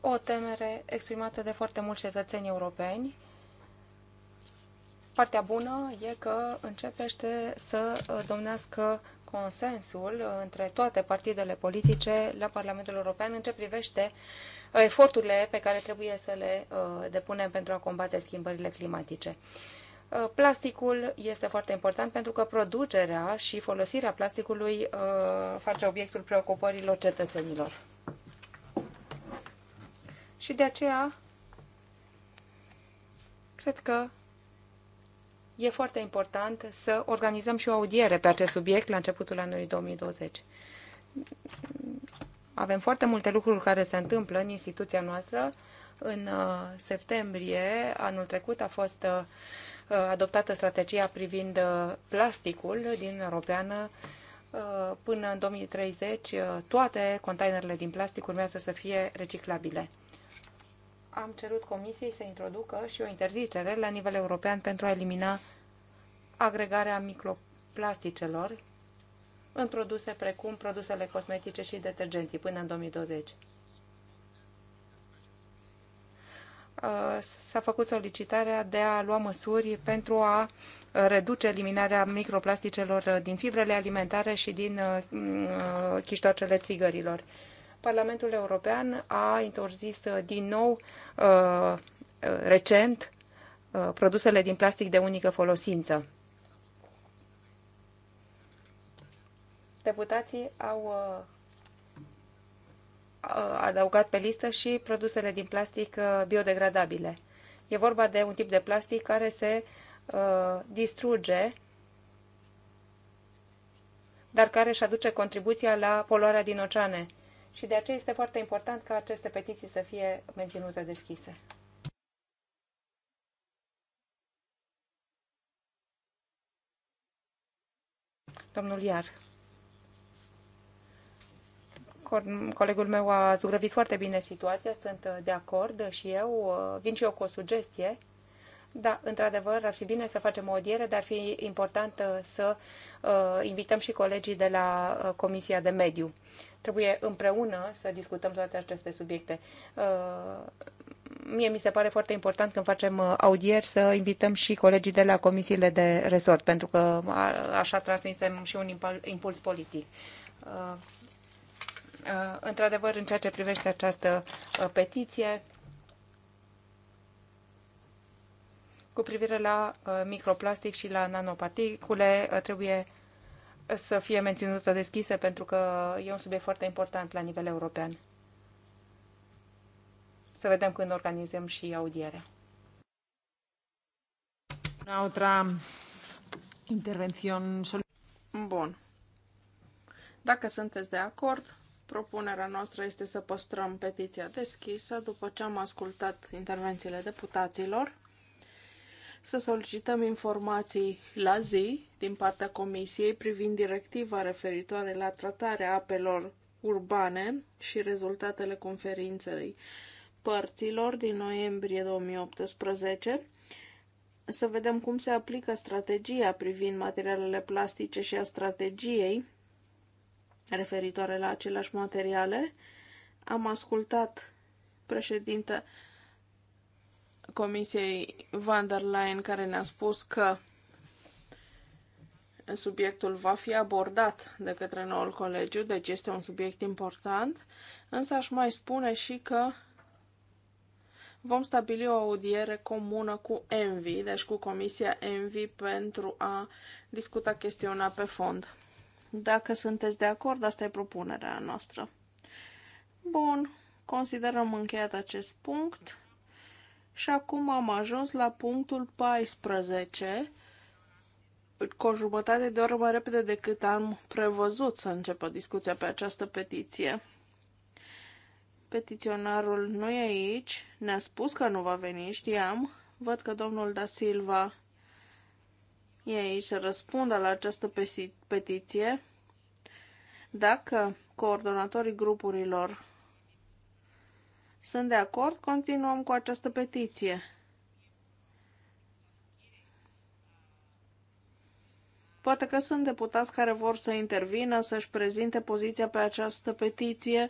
Speaker 2: o temere exprimată de foarte mulți cetățeni europeni. Partea bună e că începește să uh, domnească consensul între toate partidele politice la Parlamentul European în ce privește uh, eforturile pe care trebuie să le uh, depunem pentru a combate schimbările climatice. Plasticul este foarte important pentru că producerea și folosirea plasticului face obiectul preocupărilor cetățenilor. Și de aceea, cred că e foarte important să organizăm și o audiere pe acest subiect la începutul anului 2020. Avem foarte multe lucruri care se întâmplă în instituția noastră. În uh, septembrie anul trecut a fost uh, adoptată strategia privind uh, plasticul din Europeană. Până în 2030, toate containerele din plastic urmează să fie reciclabile am cerut Comisiei să introducă și o interzicere la nivel european pentru a elimina agregarea microplasticelor în produse precum produsele cosmetice și detergenții până în 2020. Uh, s-a făcut solicitarea de a lua măsuri pentru a reduce eliminarea microplasticelor din fibrele alimentare și din uh, mm, uh, chiștoacele țigărilor. Parlamentul European a interzis uh, din nou uh, uh, recent produsele din plastic de unică folosință. Deputații au adăugat pe listă și produsele din plastic biodegradabile. E vorba de un tip de plastic care se distruge, dar care își aduce contribuția la poluarea din oceane și de aceea este foarte important ca aceste petiții să fie menținute deschise. Domnul Iar. Colegul meu a zugrăvit foarte bine situația, sunt uh, de acord și eu. Uh, vin și eu cu o sugestie. Da, într-adevăr, ar fi bine să facem o audiere, dar ar fi important uh, să uh, invităm și colegii de la uh, Comisia de Mediu. Trebuie împreună să discutăm toate aceste subiecte. Mie mi se pare foarte important când facem audieri să invităm și colegii de la comisiile de resort, pentru că așa transmitem și un impuls politic într-adevăr, în ceea ce privește această petiție, cu privire la uh, microplastic și la nanoparticule uh, trebuie să fie menținută deschisă pentru că e un subiect foarte important la nivel european. Să vedem când organizăm și audierea.
Speaker 1: Otra intervențion. Bun. Dacă sunteți de acord, propunerea noastră este să păstrăm petiția deschisă după ce am ascultat intervențiile deputaților să solicităm informații la zi din partea Comisiei privind directiva referitoare la tratarea apelor urbane și rezultatele conferinței părților din noiembrie 2018, să vedem cum se aplică strategia privind materialele plastice și a strategiei referitoare la aceleași materiale. Am ascultat președinte, Comisiei van der Leyen, care ne-a spus că subiectul va fi abordat de către noul colegiu, deci este un subiect important, însă aș mai spune și că vom stabili o audiere comună cu Envi, deci cu Comisia Envi, pentru a discuta chestiunea pe fond. Dacă sunteți de acord, asta e propunerea noastră. Bun, considerăm încheiat acest punct și acum am ajuns la punctul 14, cu o jumătate de oră mai repede decât am prevăzut să începă discuția pe această petiție. Petiționarul nu e aici, ne-a spus că nu va veni, știam. Văd că domnul Da Silva e aici să răspundă la această petiție. Dacă coordonatorii grupurilor sunt de acord, continuăm cu această petiție. Poate că sunt deputați care vor să intervină, să-și prezinte poziția pe această petiție.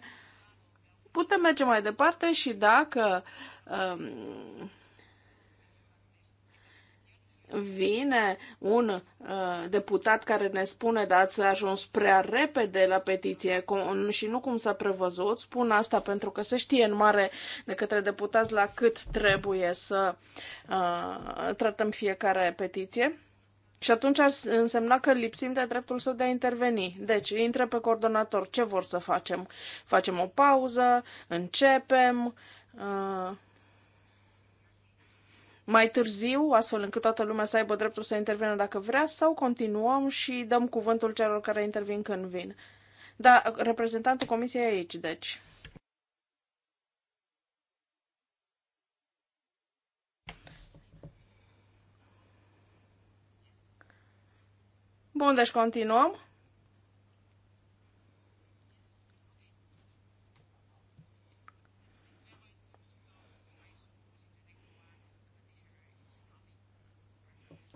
Speaker 1: Putem merge mai departe și dacă um, vine un uh, deputat care ne spune da, ați ajuns prea repede la petiție cum, și nu cum s-a prevăzut. Spun asta pentru că se știe în mare de către deputați la cât trebuie să uh, tratăm fiecare petiție. Și atunci ar însemna că lipsim de dreptul său de a interveni. Deci, intră pe coordonator. Ce vor să facem? Facem o pauză? Începem? Uh, mai târziu, astfel încât toată lumea să aibă dreptul să intervină dacă vrea, sau continuăm și dăm cuvântul celor care intervin când vin. Da, reprezentantul comisiei e aici, deci. Bun, deci continuăm.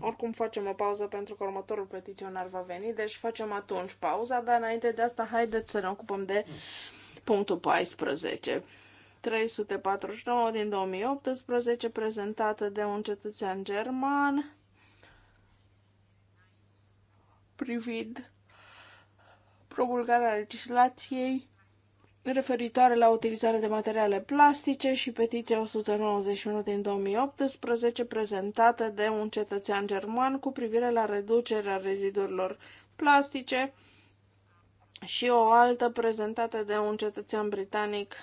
Speaker 1: Oricum facem o pauză pentru că următorul petiționar va veni, deci facem atunci pauza, dar înainte de asta haideți să ne ocupăm de punctul 14. 349 din 2018, prezentată de un cetățean german privind promulgarea legislației referitoare la utilizarea de materiale plastice și petiția 191 din 2018 prezentată de un cetățean german cu privire la reducerea rezidurilor plastice și o altă prezentată de un cetățean britanic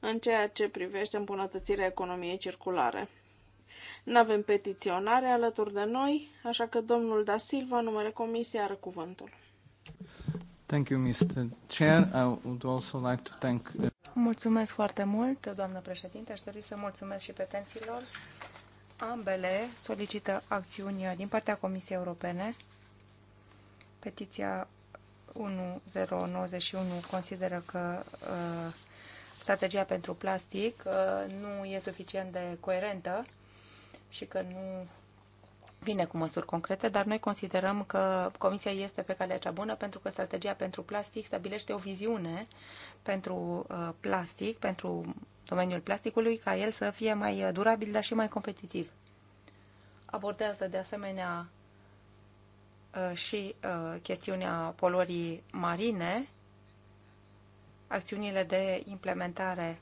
Speaker 1: în ceea ce privește îmbunătățirea economiei circulare. Nu avem petiționare alături de noi, așa că domnul Da Silva, numele comisiei, are cuvântul.
Speaker 3: Thank you, Mr. Chair. I would also like to thank... Uh,
Speaker 2: mulțumesc foarte mult, doamnă președinte. Aș dori să mulțumesc și petenților. Ambele solicită acțiuni din partea Comisiei Europene. Petiția 1091 consideră că uh, strategia pentru plastic uh, nu e suficient de coerentă și că nu vine cu măsuri concrete, dar noi considerăm că Comisia este pe calea cea bună pentru că strategia pentru plastic stabilește o viziune pentru uh, plastic, pentru domeniul plasticului, ca el să fie mai uh, durabil, dar și mai competitiv. Abordează de asemenea uh, și chestiunea poluării marine, acțiunile de implementare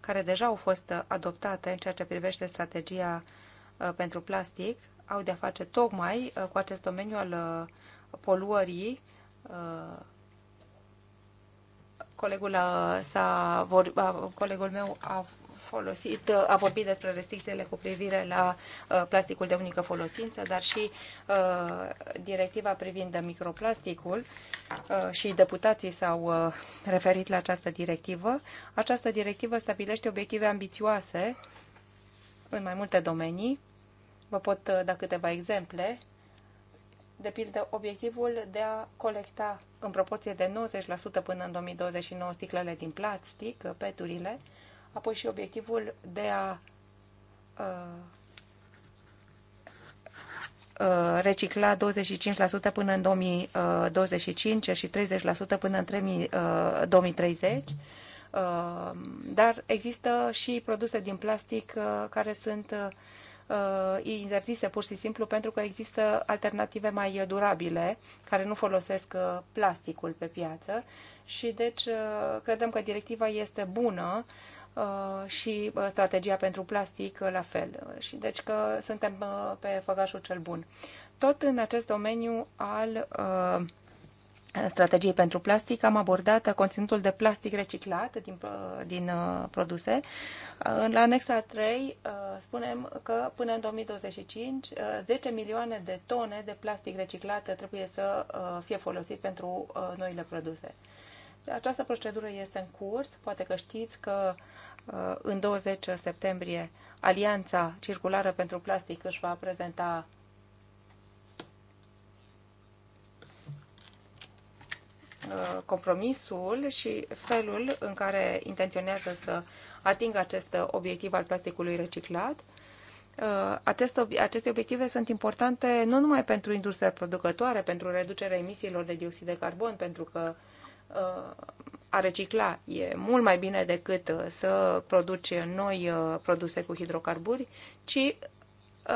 Speaker 2: care deja au fost adoptate în ceea ce privește strategia Uh, pentru plastic au de-a face tocmai uh, cu acest domeniu al uh, poluării. Colegul, a vor, colegul meu a folosit, a vorbit despre restricțiile cu privire la plasticul de unică folosință, dar și directiva privind microplasticul și deputații s-au referit la această directivă. Această directivă stabilește obiective ambițioase în mai multe domenii Vă pot uh, da câteva exemple. De pildă, obiectivul de a colecta în proporție de 90% până în 2029 sticlele din plastic, uh, peturile, apoi și obiectivul de a uh, uh recicla 25% până în 2025 și 30% până în 2030, dar există și produse din plastic care sunt Uh, interzise pur și simplu pentru că există alternative mai durabile care nu folosesc uh, plasticul pe piață și deci uh, credem că directiva este bună și strategia pentru plastic la fel. Și deci că suntem pe făgașul cel bun. Tot în acest domeniu al uh, strategiei pentru plastic, am abordat conținutul de plastic reciclat din, din uh, produse. Uh, la anexa 3 uh, spunem că până în 2025 10 milioane de tone de plastic reciclat trebuie să fie folosit pentru noile produse. Această procedură este în curs. Poate că știți că în 20 septembrie Alianța Circulară pentru Plastic își va prezenta Uh, compromisul și felul în care intenționează să atingă acest obiectiv al plasticului reciclat. Uh, aceste, aceste obiective sunt importante nu numai pentru industria producătoare, pentru reducerea emisiilor de dioxid de carbon, pentru că uh, a recicla e mult mai bine decât să produce noi produse cu hidrocarburi, ci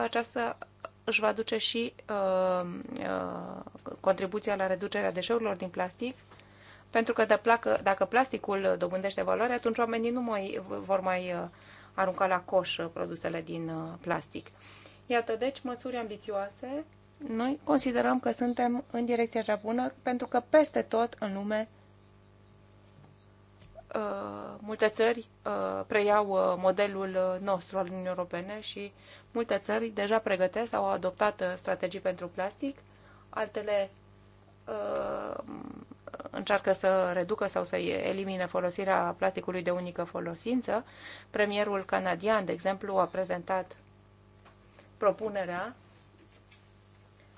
Speaker 2: această își va duce și uh, uh, contribuția la reducerea deșeurilor din plastic, pentru că de placă, dacă plasticul dobândește valoare, atunci oamenii nu mai vor mai uh, arunca la coș uh, produsele din uh, plastic. Iată, deci, măsuri ambițioase. Noi considerăm că suntem în direcția cea bună, pentru că peste tot în lume Uh, multe țări uh, preiau uh, modelul nostru al Uniunii Europene și multe țări deja pregătesc sau au adoptat strategii pentru plastic, altele încearcă să reducă sau să elimine folosirea plasticului de unică folosință. Premierul canadian, de exemplu, a prezentat propunerea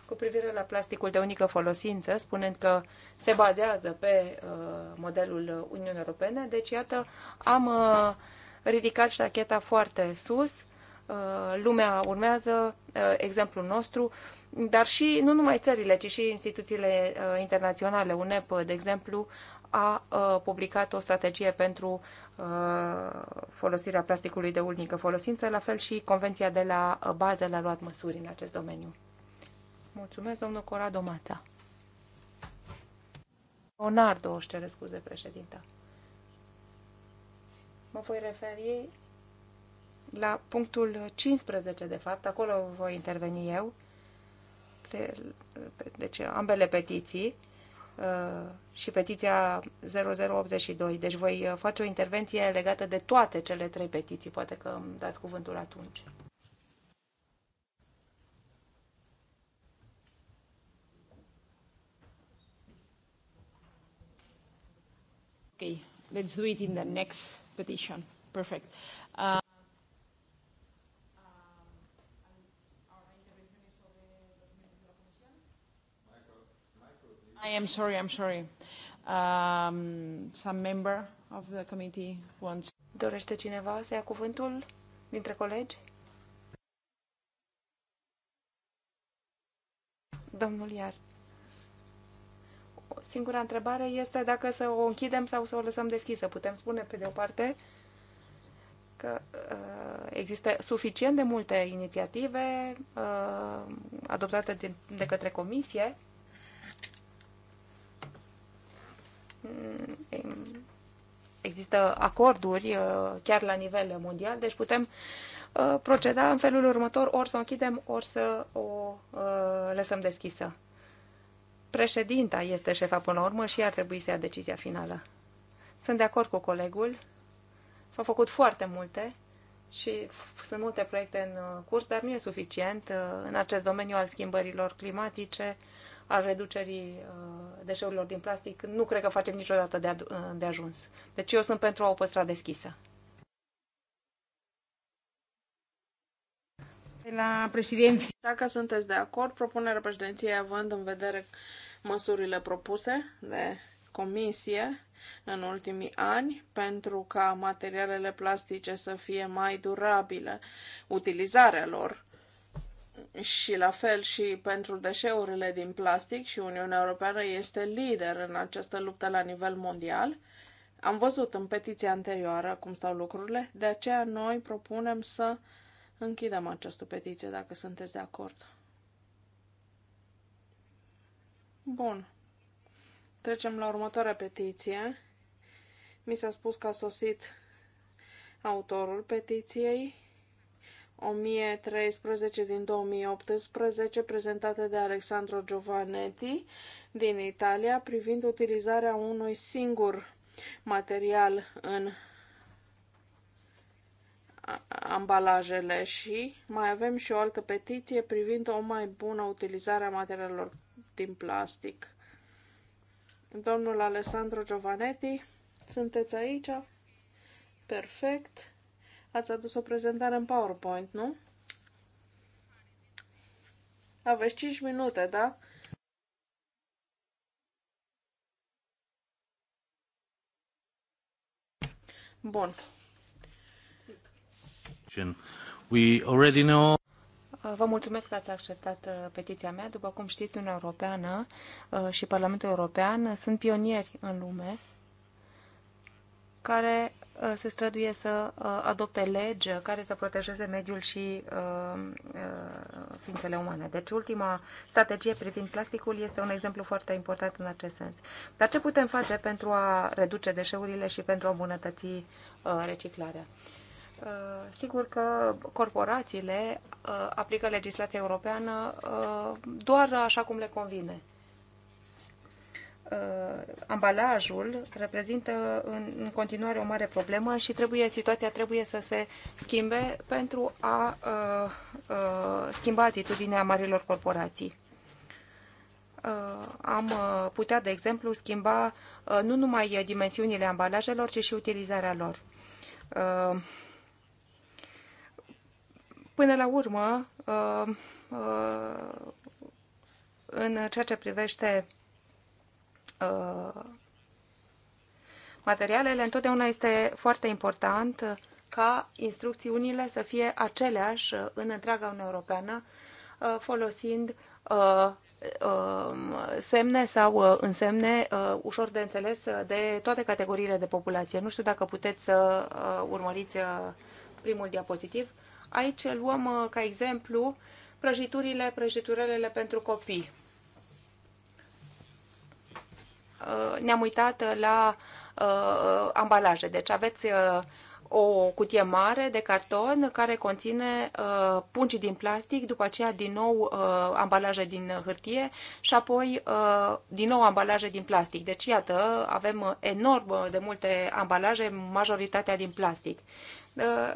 Speaker 2: cu privire la plasticul de unică folosință, spunând că se bazează pe uh, modelul Uniunii Europene. Deci, iată, am uh, ridicat șacheta foarte sus. Uh, lumea urmează uh, exemplul nostru, dar și nu numai țările, ci și instituțiile uh, internaționale. UNEP, de exemplu, a uh, publicat o strategie pentru uh, folosirea plasticului de unică folosință, la fel și Convenția de la uh, Bazel a luat măsuri în acest domeniu. Mulțumesc, domnul Corado Mata. Leonardo își cere scuze, președinta. Mă voi referi la punctul 15, de fapt, acolo voi interveni eu. Deci, ambele petiții uh, și petiția 0082. Deci voi uh, face o intervenție legată de toate cele trei petiții. Poate că îmi dați cuvântul atunci. Okay, let's do it in the next petition. Perfect. Uh, um, I am sorry, I'm sorry. Um, some member of the committee wants... Dorește cineva să ia cuvântul dintre colegi? Domnul Iart. Singura întrebare este dacă să o închidem sau să o lăsăm deschisă. Putem spune, pe de o parte, că uh, există suficient de multe inițiative uh, adoptate de, de către comisie. Mm, există acorduri uh, chiar la nivel mondial, deci putem uh, proceda în felul următor, ori să o închidem, ori să o uh, lăsăm deschisă. Președinta este șefa până la urmă și ar trebui să ia decizia finală. Sunt de acord cu colegul. S-au făcut foarte multe și sunt multe proiecte în uh, curs, dar nu e suficient uh, în acest domeniu al schimbărilor climatice, al reducerii uh, deșeurilor din plastic. Nu cred că facem niciodată de, de ajuns. Deci eu sunt pentru a o păstra deschisă. la președinție.
Speaker 1: Dacă sunteți de acord, propunerea președinției având în vedere măsurile propuse de comisie în ultimii ani pentru ca materialele plastice să fie mai durabile, utilizarea lor și la fel și pentru deșeurile din plastic și Uniunea Europeană este lider în această luptă la nivel mondial. Am văzut în petiția anterioară cum stau lucrurile, de aceea noi propunem să închidem această petiție dacă sunteți de acord. Bun. Trecem la următoarea petiție. Mi s-a spus că a sosit autorul petiției 1013 din 2018, prezentată de Alexandro Giovanetti din Italia, privind utilizarea unui singur material în ambalajele și mai avem și o altă petiție privind o mai bună utilizare a materialelor din plastic. Domnul Alessandro Giovanetti, sunteți aici? Perfect. Ați adus o prezentare în PowerPoint, nu? Aveți 5 minute, da?
Speaker 2: Bun.
Speaker 3: We already know
Speaker 2: Uh, vă mulțumesc că ați acceptat uh, petiția mea. După cum știți, Uniunea Europeană uh, și Parlamentul European sunt pionieri în lume care se străduie să adopte legi care să protejeze mediul și ființele umane. Deci ultima strategie privind plasticul este un exemplu foarte important în acest sens. Dar ce putem face pentru a reduce deșeurile și pentru a îmbunătăți reciclarea? Uh, sigur că corporațiile uh, aplică legislația europeană uh, doar așa cum le convine. Ambalajul reprezintă în continuare o mare problemă și trebuie, situația trebuie să se schimbe pentru a schimba atitudinea marilor corporații am putea, de exemplu, schimba nu numai dimensiunile ambalajelor, ci și utilizarea lor. Până la urmă, uh, uh, în ceea ce privește uh, materialele, întotdeauna este foarte important ca instrucțiunile să fie aceleași în întreaga Uniunea Europeană, folosind um, semne sau însemne ușor de înțeles de toate categoriile de populație. Nu știu dacă puteți să urmăriți primul diapozitiv. Aici luăm uh, ca exemplu prăjiturile, prăjiturelele pentru copii. Uh, ne-am uitat uh, la uh, ambalaje, deci aveți uh, o cutie mare de carton care conține uh, pungi din plastic, după aceea din nou uh, ambalaje din hârtie și apoi uh, din nou ambalaje din plastic. Deci iată, avem enorm de multe ambalaje, majoritatea din plastic. Uh,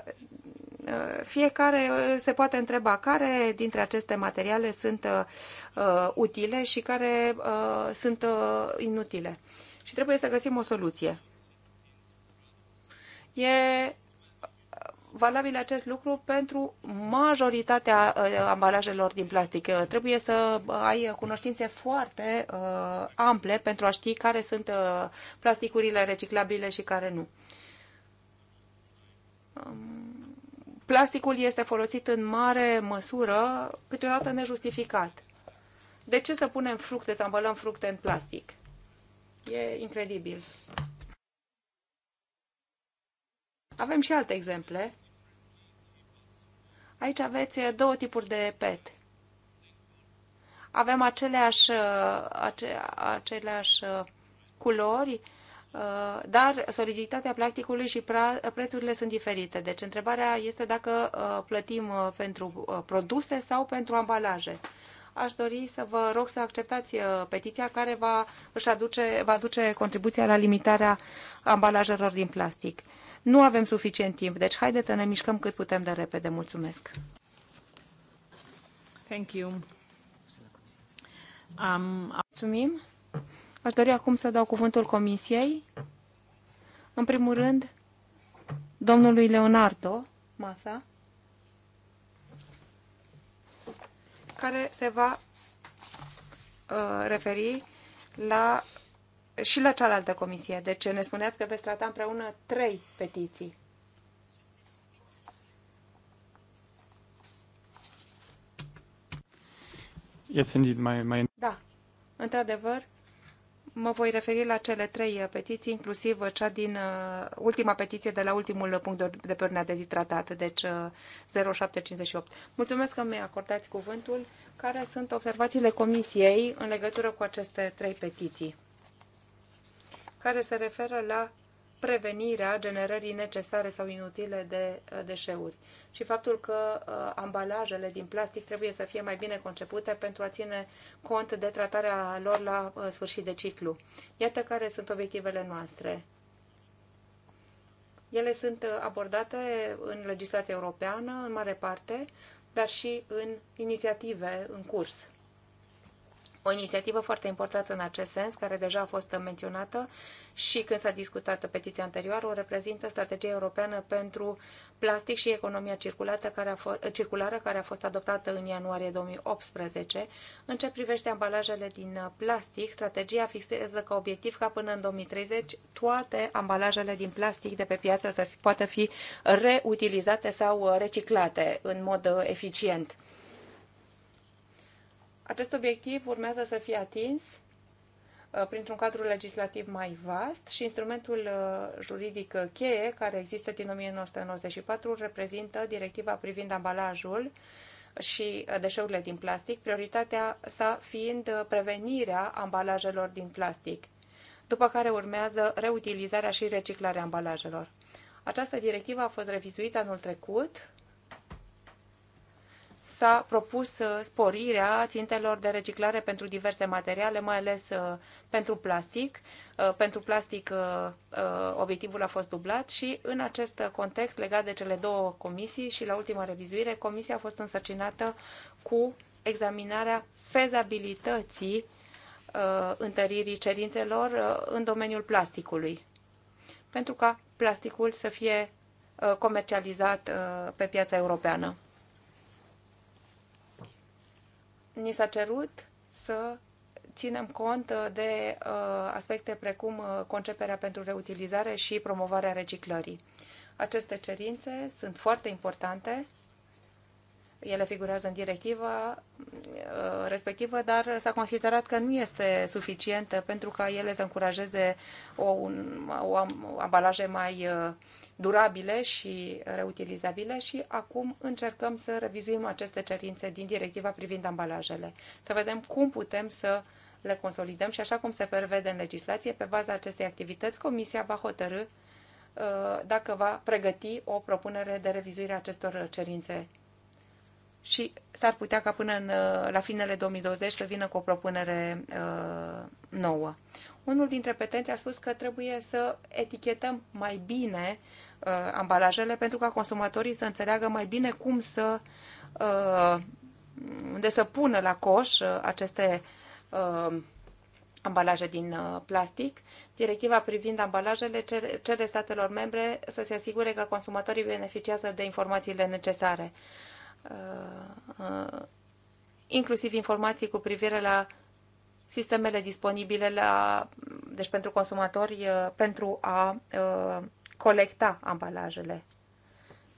Speaker 2: Eh, fiecare eh, se poate întreba care dintre aceste materiale sunt eh, utile și care sunt inutile. Și trebuie să găsim o soluție. E valabil acest lucru pentru majoritatea ambalajelor din plastic. Trebuie să ai cunoștințe foarte ample pentru a ști care sunt plasticurile reciclabile și care nu. Um, Plasticul este folosit în mare măsură, câteodată nejustificat. De ce să punem fructe, să ambalăm fructe în plastic? E incredibil. Avem și alte exemple. Aici aveți două tipuri de PET. Avem aceleași, ace, aceleași uh, culori, Uh, dar soliditatea practicului și prețurile sunt diferite. Deci întrebarea este dacă uh, plătim uh, pentru produse sau pentru ambalaje. Aș dori să vă rog să acceptați petiția care va, își aduce, va aduce contribuția la limitarea ambalajelor din plastic. Nu avem suficient timp, deci haideți să ne mișcăm cât putem de repede. Mulțumesc! Thank you. Um, Mulțumim! Aș dori acum să dau cuvântul comisiei. În primul rând, domnului Leonardo Masa, care se va uh, referi la, și la cealaltă comisie. Deci ne spuneați că veți trata împreună trei petiții.
Speaker 3: Yes, indeed, my, my...
Speaker 2: Da, într-adevăr, Mă voi referi la cele trei uh, petiții, inclusiv uh, cea din uh, ultima petiție de la ultimul punct de pe ordinea de zi tratat, deci 0758. Mulțumesc că mi acordat cuvântul. Care sunt observațiile Comisiei în legătură cu aceste trei petiții? care se referă la prevenirea generării necesare sau inutile de uh, deșeuri și faptul că uh, ambalajele din plastic trebuie să fie mai bine concepute pentru a ține cont de tratarea lor la uh, sfârșit de ciclu. Iată care sunt obiectivele noastre. Ele sunt abordate în legislația europeană, în mare parte, dar și în inițiative în curs o inițiativă foarte importantă în acest sens, care deja a fost menționată și când s-a discutat petiția anterioară, o reprezintă strategia europeană pentru plastic și economia care a fost, circulară, care a fost adoptată în ianuarie 2018. În ce privește ambalajele din plastic, strategia fixează ca obiectiv ca până în 2030 toate ambalajele din plastic de pe piață să poată fi reutilizate sau reciclate în mod eficient acest obiectiv urmează să fie atins uh, printr-un cadru legislativ mai vast și instrumentul uh, juridic cheie care există din 1994 reprezintă directiva privind ambalajul și uh, deșeurile din plastic, prioritatea sa fiind prevenirea ambalajelor din plastic, după care urmează reutilizarea și reciclarea ambalajelor. Această directivă a fost revizuită anul trecut s-a propus uh, sporirea țintelor de reciclare pentru diverse materiale, mai ales uh, pentru plastic. Uh, pentru plastic obiectivul a fost dublat și în acest context legat de cele două comisii și la ultima revizuire, comisia a fost însărcinată cu examinarea fezabilității întăririi cerințelor în domeniul plasticului, pentru ca plasticul să fie comercializat pe piața europeană. ni s-a cerut să ținem cont uh, de uh, aspecte precum uh, conceperea pentru reutilizare și promovarea reciclării. Aceste cerințe sunt foarte importante ele figurează în directiva uh, respectivă, dar s-a considerat că nu este suficientă pentru ca ele să încurajeze o, un, o ambalaje mai uh, durabile și reutilizabile și acum încercăm să revizuim aceste cerințe din directiva privind ambalajele. Să vedem cum putem să le consolidăm și așa cum se prevede în legislație, pe baza acestei activități, Comisia va hotărâ uh, dacă va pregăti o propunere de revizuire a acestor cerințe și s-ar putea ca până în, uh, la finele 2020 să vină cu o propunere uh, nouă. Unul dintre petenți a spus că trebuie să etichetăm mai bine uh, ambalajele pentru ca consumatorii să înțeleagă mai bine cum să uh, unde să pună la coș uh, aceste uh, ambalaje din uh, plastic. Directiva privind ambalajele cere statelor membre să se asigure că consumatorii beneficiază de informațiile necesare. Uh, Uh, uh, inclusiv informații cu privire la sistemele disponibile la, deci pentru consumatori uh, pentru a colecta ambalajele.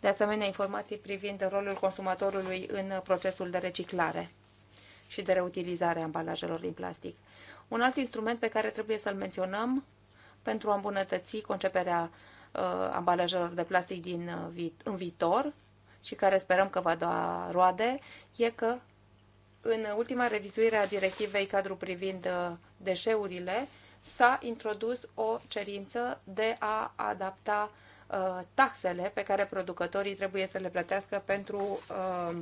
Speaker 2: De asemenea, informații privind rolul consumatorului în procesul de reciclare și de reutilizare a ambalajelor din plastic. Un alt instrument pe care trebuie să-l menționăm pentru a îmbunătăți conceperea uh, ambalajelor de plastic din, uh, în viitor și care sperăm că va da roade e că în ultima revizuire a directivei cadru privind uh, deșeurile s-a introdus o cerință de a adapta uh, taxele pe care producătorii trebuie să le plătească pentru uh,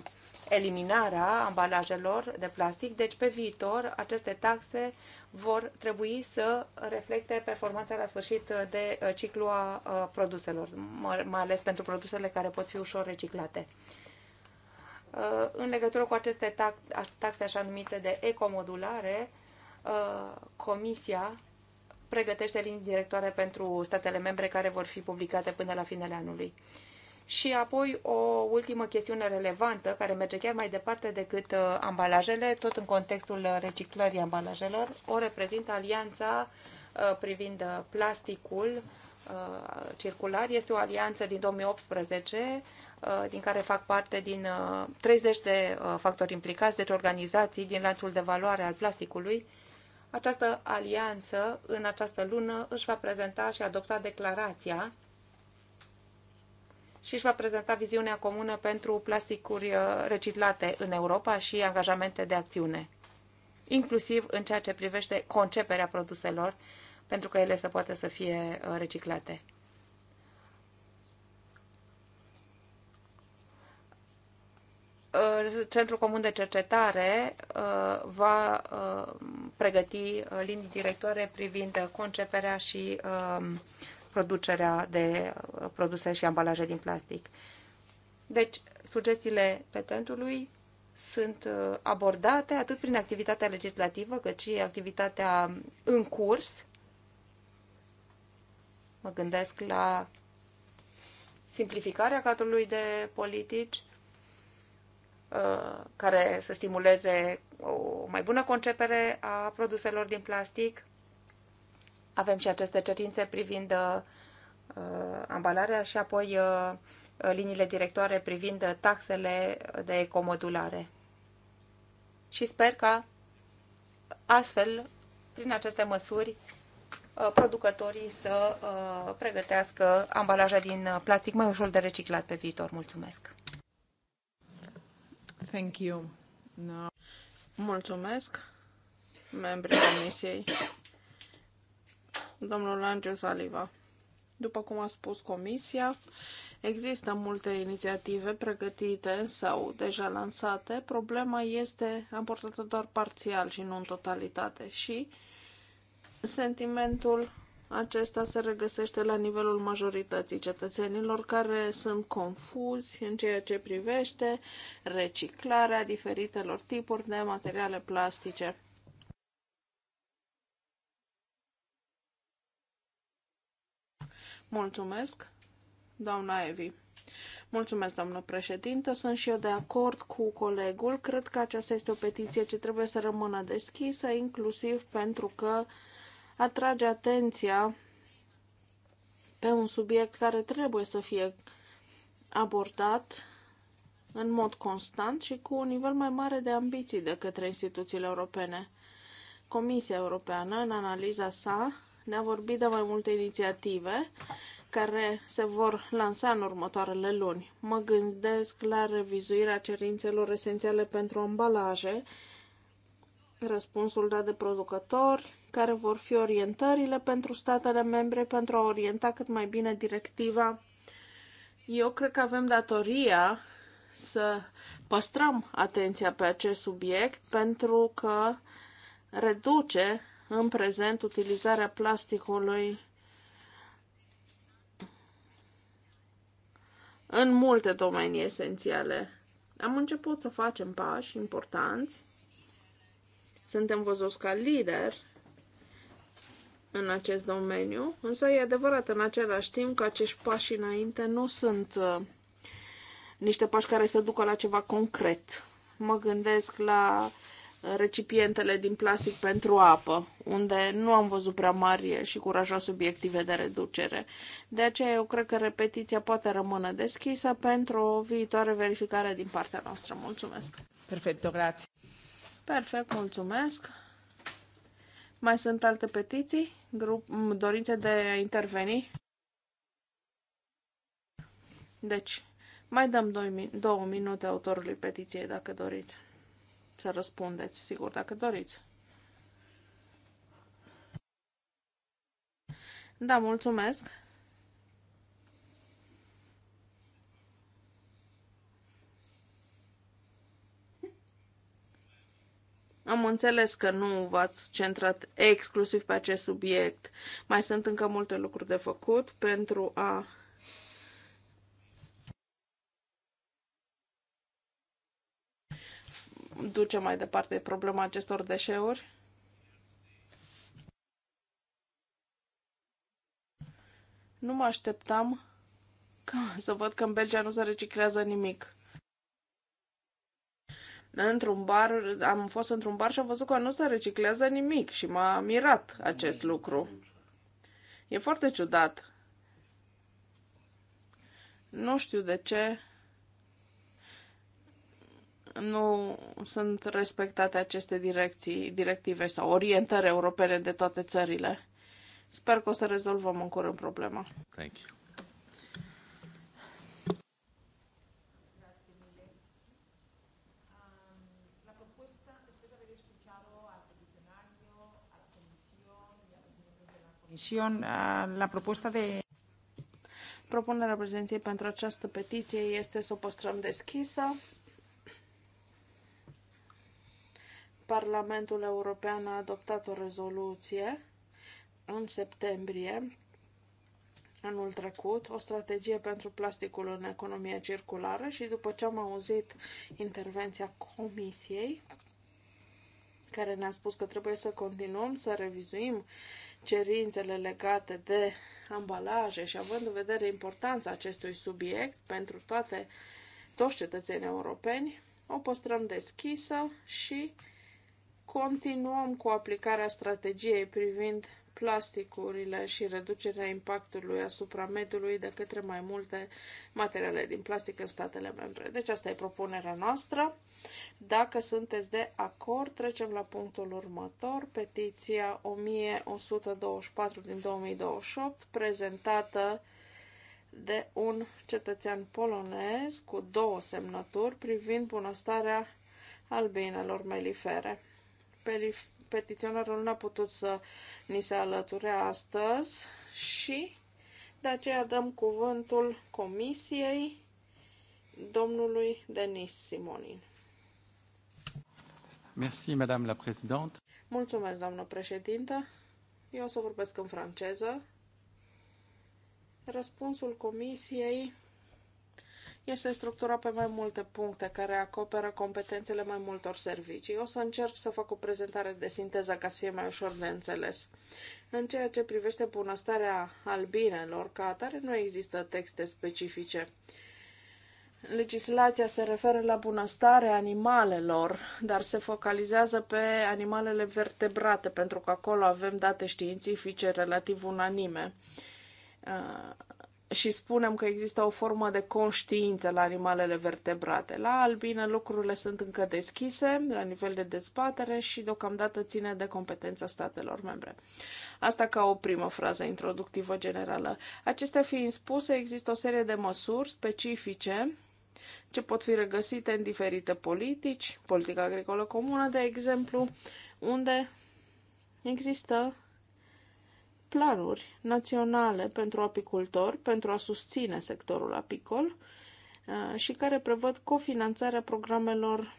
Speaker 2: eliminarea ambalajelor de plastic, deci pe viitor aceste taxe vor trebui să reflecte performanța la sfârșit de uh, ciclu a uh, produselor, mai ales pentru produsele care pot fi ușor reciclate. Uh, în legătură cu aceste taxe așa numite de ecomodulare, Comisia pregătește linii directoare pentru statele membre care vor fi publicate până la finele anului. Și apoi o ultimă chestiune relevantă, care merge chiar mai departe decât uh, ambalajele, tot în contextul reciclării ambalajelor, o reprezintă alianța uh, privind uh, plasticul circular. Este o alianță din 2018 din care fac parte din 30 de factori implicați, deci organizații din lanțul de valoare al plasticului. Această alianță în această lună își va prezenta și adopta declarația și își va prezenta viziunea comună pentru plasticuri uh, reciclate în Europa și angajamente de acțiune, inclusiv în ceea ce privește conceperea produselor pentru că ele să poată să fie uh, reciclate. Uh, Centrul Comun de Cercetare va pregăti linii directoare privind conceperea și um, producerea de uh, produse și ambalaje din plastic. Deci, sugestiile petentului sunt uh, abordate atât prin activitatea legislativă, cât și activitatea în curs. Mă gândesc la simplificarea cadrului de politici, uh, care să stimuleze o mai bună concepere a produselor din plastic, avem și aceste cerințe privind uh, uh ambalarea și apoi uh, uh, liniile directoare privind taxele de ecomodulare. Și sper că astfel, prin aceste măsuri, uh, producătorii să pregătească ambalaje din plastic mai ușor de reciclat pe viitor. Mulțumesc! Thank you. No. Mulțumesc,
Speaker 1: membrii comisiei domnul Angel Saliva. După cum a spus Comisia, există multe inițiative pregătite sau deja lansate. Problema este amportată doar parțial și nu în totalitate și sentimentul acesta se regăsește la nivelul majorității cetățenilor care sunt confuzi în ceea ce privește reciclarea diferitelor tipuri de materiale plastice. Mulțumesc, doamna Evi. Mulțumesc, doamnă președintă. Sunt și eu de acord cu colegul. Cred că aceasta este o petiție ce trebuie să rămână deschisă, inclusiv pentru că atrage atenția pe un subiect care trebuie să fie abordat în mod constant și cu un nivel mai mare de ambiții de către instituțiile europene. Comisia Europeană, în analiza sa, ne-a vorbit de mai multe inițiative care se vor lansa în următoarele luni. Mă gândesc la revizuirea cerințelor esențiale pentru ambalaje, răspunsul dat de producători, care vor fi orientările pentru statele membre pentru a orienta cât mai bine directiva. Eu cred că avem datoria să păstrăm atenția pe acest subiect pentru că reduce în prezent, utilizarea plasticului în multe domenii esențiale. Am început să facem pași importanți. Suntem văzuți ca lider în acest domeniu, însă e adevărat în același timp că acești pași înainte nu sunt uh, niște pași care să ducă la ceva concret. Mă gândesc la recipientele din plastic pentru apă, unde nu am văzut prea mari și curajoase obiective de reducere. De aceea eu cred că repetiția poate rămâne deschisă pentru o viitoare verificare din partea noastră. Mulțumesc! Perfect, grație! Perfect, mulțumesc! Mai sunt alte petiții? Grup, dorințe de a interveni? Deci, mai dăm două minute autorului petiției, dacă doriți să răspundeți, sigur, dacă doriți. Da, mulțumesc. Am înțeles că nu v-ați centrat exclusiv pe acest subiect. Mai sunt încă multe lucruri de făcut pentru a duce mai departe problema acestor deșeuri. Nu mă așteptam ca (laughs) să văd că în Belgia nu se reciclează nimic. Într-un bar, am fost într-un bar și am văzut că nu se reciclează nimic și m-a mirat acest lucru. E foarte ciudat. Nu știu de ce nu sunt respectate aceste direcții, directive sau orientări europene de toate țările. Sper că o să rezolvăm în curând problema.
Speaker 2: Thank you. Eh, la propuesta de... Propunerea
Speaker 1: prezenției pentru această petiție este să o păstrăm deschisă. Parlamentul European a adoptat o rezoluție în septembrie anul trecut, o strategie pentru plasticul în economia circulară și după ce am auzit intervenția Comisiei, care ne-a spus că trebuie să continuăm să revizuim cerințele legate de ambalaje și având în vedere importanța acestui subiect pentru toate, toți cetățenii europeni, o păstrăm deschisă și Continuăm cu aplicarea strategiei privind plasticurile și reducerea impactului asupra mediului de către mai multe materiale din plastic în statele membre. Deci asta e propunerea noastră. Dacă sunteți de acord, trecem la punctul următor, petiția 1124 din 2028, prezentată de un cetățean polonez cu două semnături privind bunăstarea albinelor melifere. Petiționarul n-a putut să ni se alăture astăzi și de aceea dăm cuvântul comisiei domnului Denis Simonin.
Speaker 3: Merci, Madame la Présidente.
Speaker 1: Mulțumesc, doamnă președintă. Eu o să vorbesc în franceză. Răspunsul comisiei este structurat pe mai multe puncte care acoperă competențele mai multor servicii. O să încerc să fac o prezentare de sinteză ca să fie mai ușor de înțeles. În ceea ce privește bunăstarea albinelor, ca atare nu există texte specifice. Legislația se referă la bunăstarea animalelor, dar se focalizează pe animalele vertebrate, pentru că acolo avem date științifice relativ unanime și spunem că există o formă de conștiință la animalele vertebrate. La albine lucrurile sunt încă deschise la nivel de dezbatere și deocamdată ține de competența statelor membre. Asta ca o primă frază introductivă generală. Acestea fiind spuse, există o serie de măsuri specifice ce pot fi regăsite în diferite politici, politica agricolă comună, de exemplu, unde există planuri naționale pentru apicultori, pentru a susține sectorul apicol uh, și care prevăd cofinanțarea programelor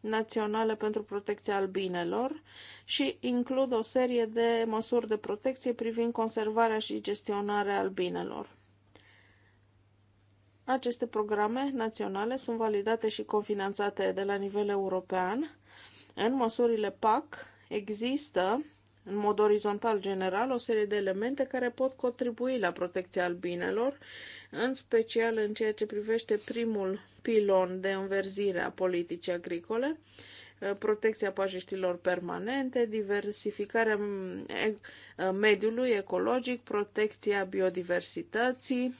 Speaker 1: naționale pentru protecția albinelor și includ o serie de măsuri de protecție privind conservarea și gestionarea albinelor. Aceste programe naționale sunt validate și cofinanțate de la nivel european. În măsurile PAC există în mod orizontal general o serie de elemente care pot contribui la protecția albinelor, în special în ceea ce privește primul pilon de înverzire a politicii agricole, protecția pajiștilor permanente, diversificarea mm, mediului ecologic, protecția biodiversității,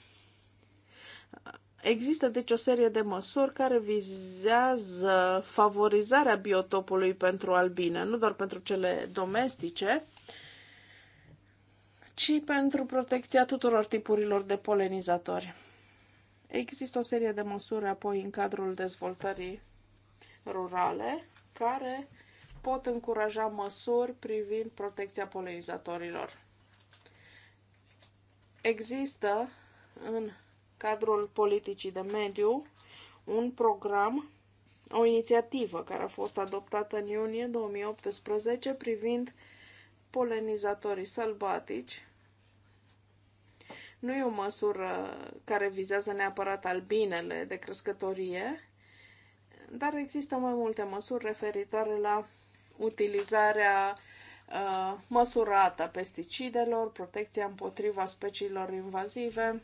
Speaker 1: Există deci o serie de măsuri care vizează favorizarea biotopului pentru albine, nu doar pentru cele domestice, ci pentru protecția tuturor tipurilor de polenizatori. Există o serie de măsuri apoi în cadrul dezvoltării rurale care pot încuraja măsuri privind protecția polenizatorilor. Există în cadrul politicii de mediu un program, o inițiativă care a fost adoptată în iunie 2018 privind polenizatorii sălbatici. Nu e o măsură care vizează neapărat albinele de crescătorie, dar există mai multe măsuri referitoare la utilizarea uh, măsurată a pesticidelor, protecția împotriva speciilor invazive,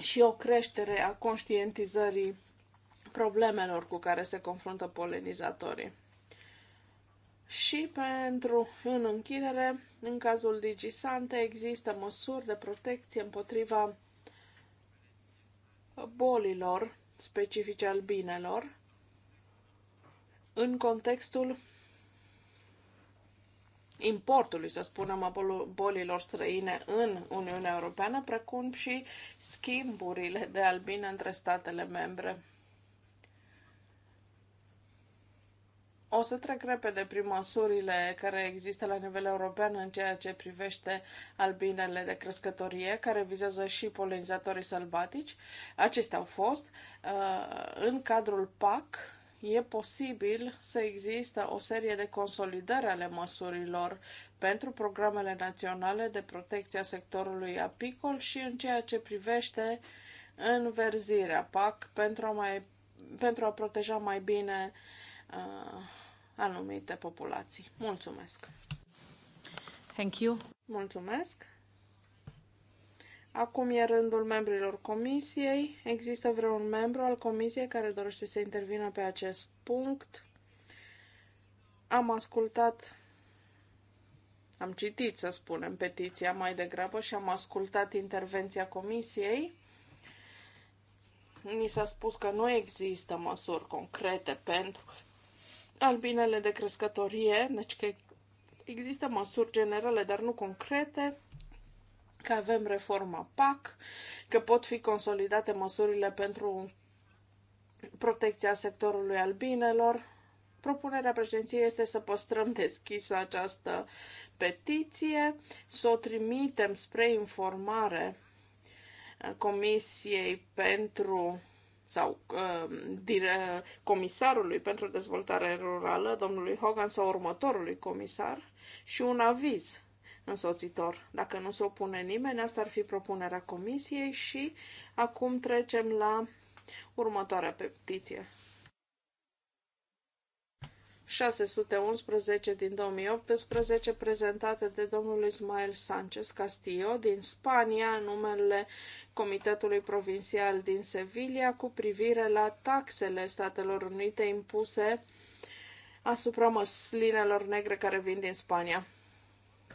Speaker 1: și o creștere a conștientizării problemelor cu care se confruntă polenizatorii. Și pentru în închidere, în cazul Digisante există măsuri de protecție împotriva bolilor specifice albinelor în contextul importului, să spunem, a bolilor străine în Uniunea Europeană, precum și schimburile de albine între statele membre. O să trec repede prin măsurile care există la nivel european în ceea ce privește albinele de crescătorie, care vizează și polinizatorii sălbatici. Acestea au fost. Uh, în cadrul PAC, e posibil să există o serie de consolidări ale măsurilor pentru programele naționale de protecție a sectorului apicol și în ceea ce privește înverzirea PAC pentru a, mai, pentru a proteja mai bine uh, anumite populații. Mulțumesc! Thank you! Mulțumesc! Acum e rândul membrilor comisiei. Există vreun membru al comisiei care dorește să intervină pe acest punct? Am ascultat, am citit, să spunem, petiția mai degrabă și am ascultat intervenția comisiei. Ni s-a spus că nu există măsuri concrete pentru albinele de crescătorie, deci că există măsuri generale, dar nu concrete că avem reforma PAC, că pot fi consolidate măsurile pentru protecția sectorului albinelor. Propunerea președinției este să păstrăm deschisă această petiție, să o trimitem spre informare uh, Comisiei pentru sau uh, dire, comisarului pentru dezvoltare rurală, domnului Hogan sau următorului comisar, și un aviz însoțitor. Dacă nu se opune nimeni, asta ar fi propunerea comisiei și acum trecem la următoarea petiție. 611 din 2018, prezentată de domnul Ismael Sanchez Castillo din Spania, în numele Comitetului Provincial din Sevilla, cu privire la taxele Statelor Unite impuse asupra măslinelor negre care vin din Spania.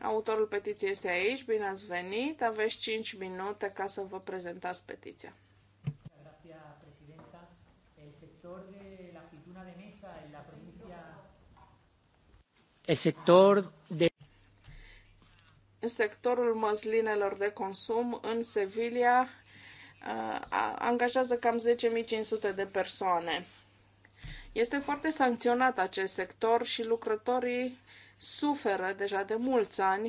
Speaker 1: Autorul petiției este aici, bine ați venit, aveți 5 minute ca să vă prezentați petiția.
Speaker 2: El sector de
Speaker 1: sectorul măslinelor de consum în Sevilla uh, angajează cam 10.500 de persoane. Este foarte sancționat acest sector și lucrătorii suferă deja de mulți ani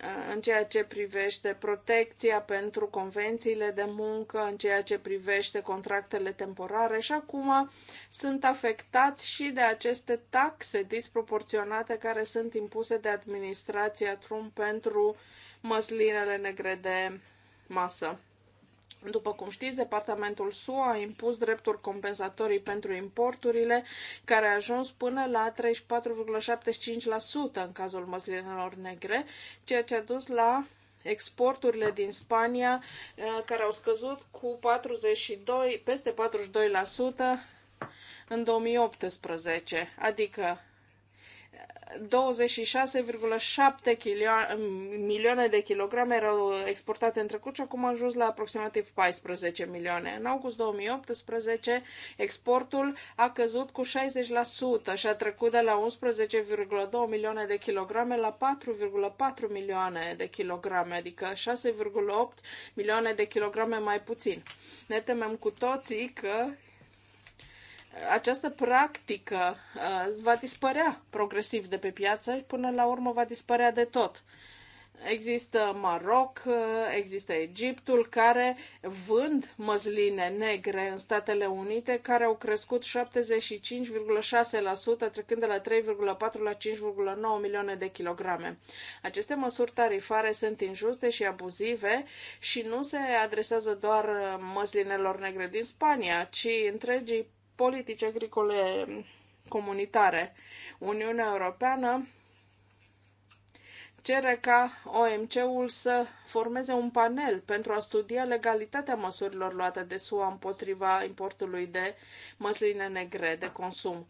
Speaker 1: uh, în ceea ce privește protecția pentru convențiile de muncă, în ceea ce privește contractele temporare și acum sunt afectați și de aceste taxe disproporționate care sunt impuse de administrația Trump pentru măslinele negre de masă. După cum știți, departamentul SUA a impus drepturi compensatorii pentru importurile, care a ajuns până la 34,75% în cazul măslinelor negre, ceea ce a dus la exporturile din Spania, eh, care au scăzut cu 42, peste 42% în 2018, adică 26,7 milioane de kilograme erau exportate în trecut și acum a ajuns la aproximativ 14 milioane. În august 2018, exportul a căzut cu 60% și a trecut de la 11,2 milioane de kilograme la 4,4 milioane de kilograme, adică 6,8 milioane de kilograme mai puțin. Ne temem cu toții că această practică uh, va dispărea progresiv de pe piață și până la urmă va dispărea de tot. Există Maroc, uh, există Egiptul, care vând măsline negre în Statele Unite, care au crescut 75,6%, trecând de la 3,4 la 5,9 milioane de kilograme. Aceste măsuri tarifare sunt injuste și abuzive și nu se adresează doar măslinelor negre din Spania, ci întregii politici agricole comunitare. Uniunea Europeană cere ca OMC-ul să formeze un panel pentru a studia legalitatea măsurilor luate de SUA împotriva importului de măsline negre de consum.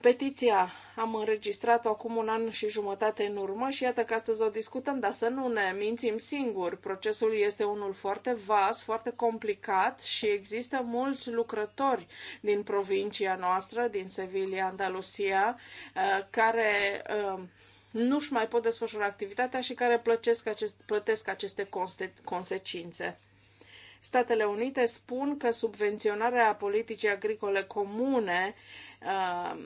Speaker 1: Petiția am înregistrat-o acum un an și jumătate în urmă și iată că astăzi o discutăm, dar să nu ne mințim singur. Procesul este unul foarte vast, foarte complicat și există mulți lucrători din provincia noastră, din Sevilla, Andalusia, uh, care uh, nu-și mai pot desfășura activitatea și care plătesc, plătesc aceste conse- consecințe. Statele Unite spun că subvenționarea politicii agricole comune um,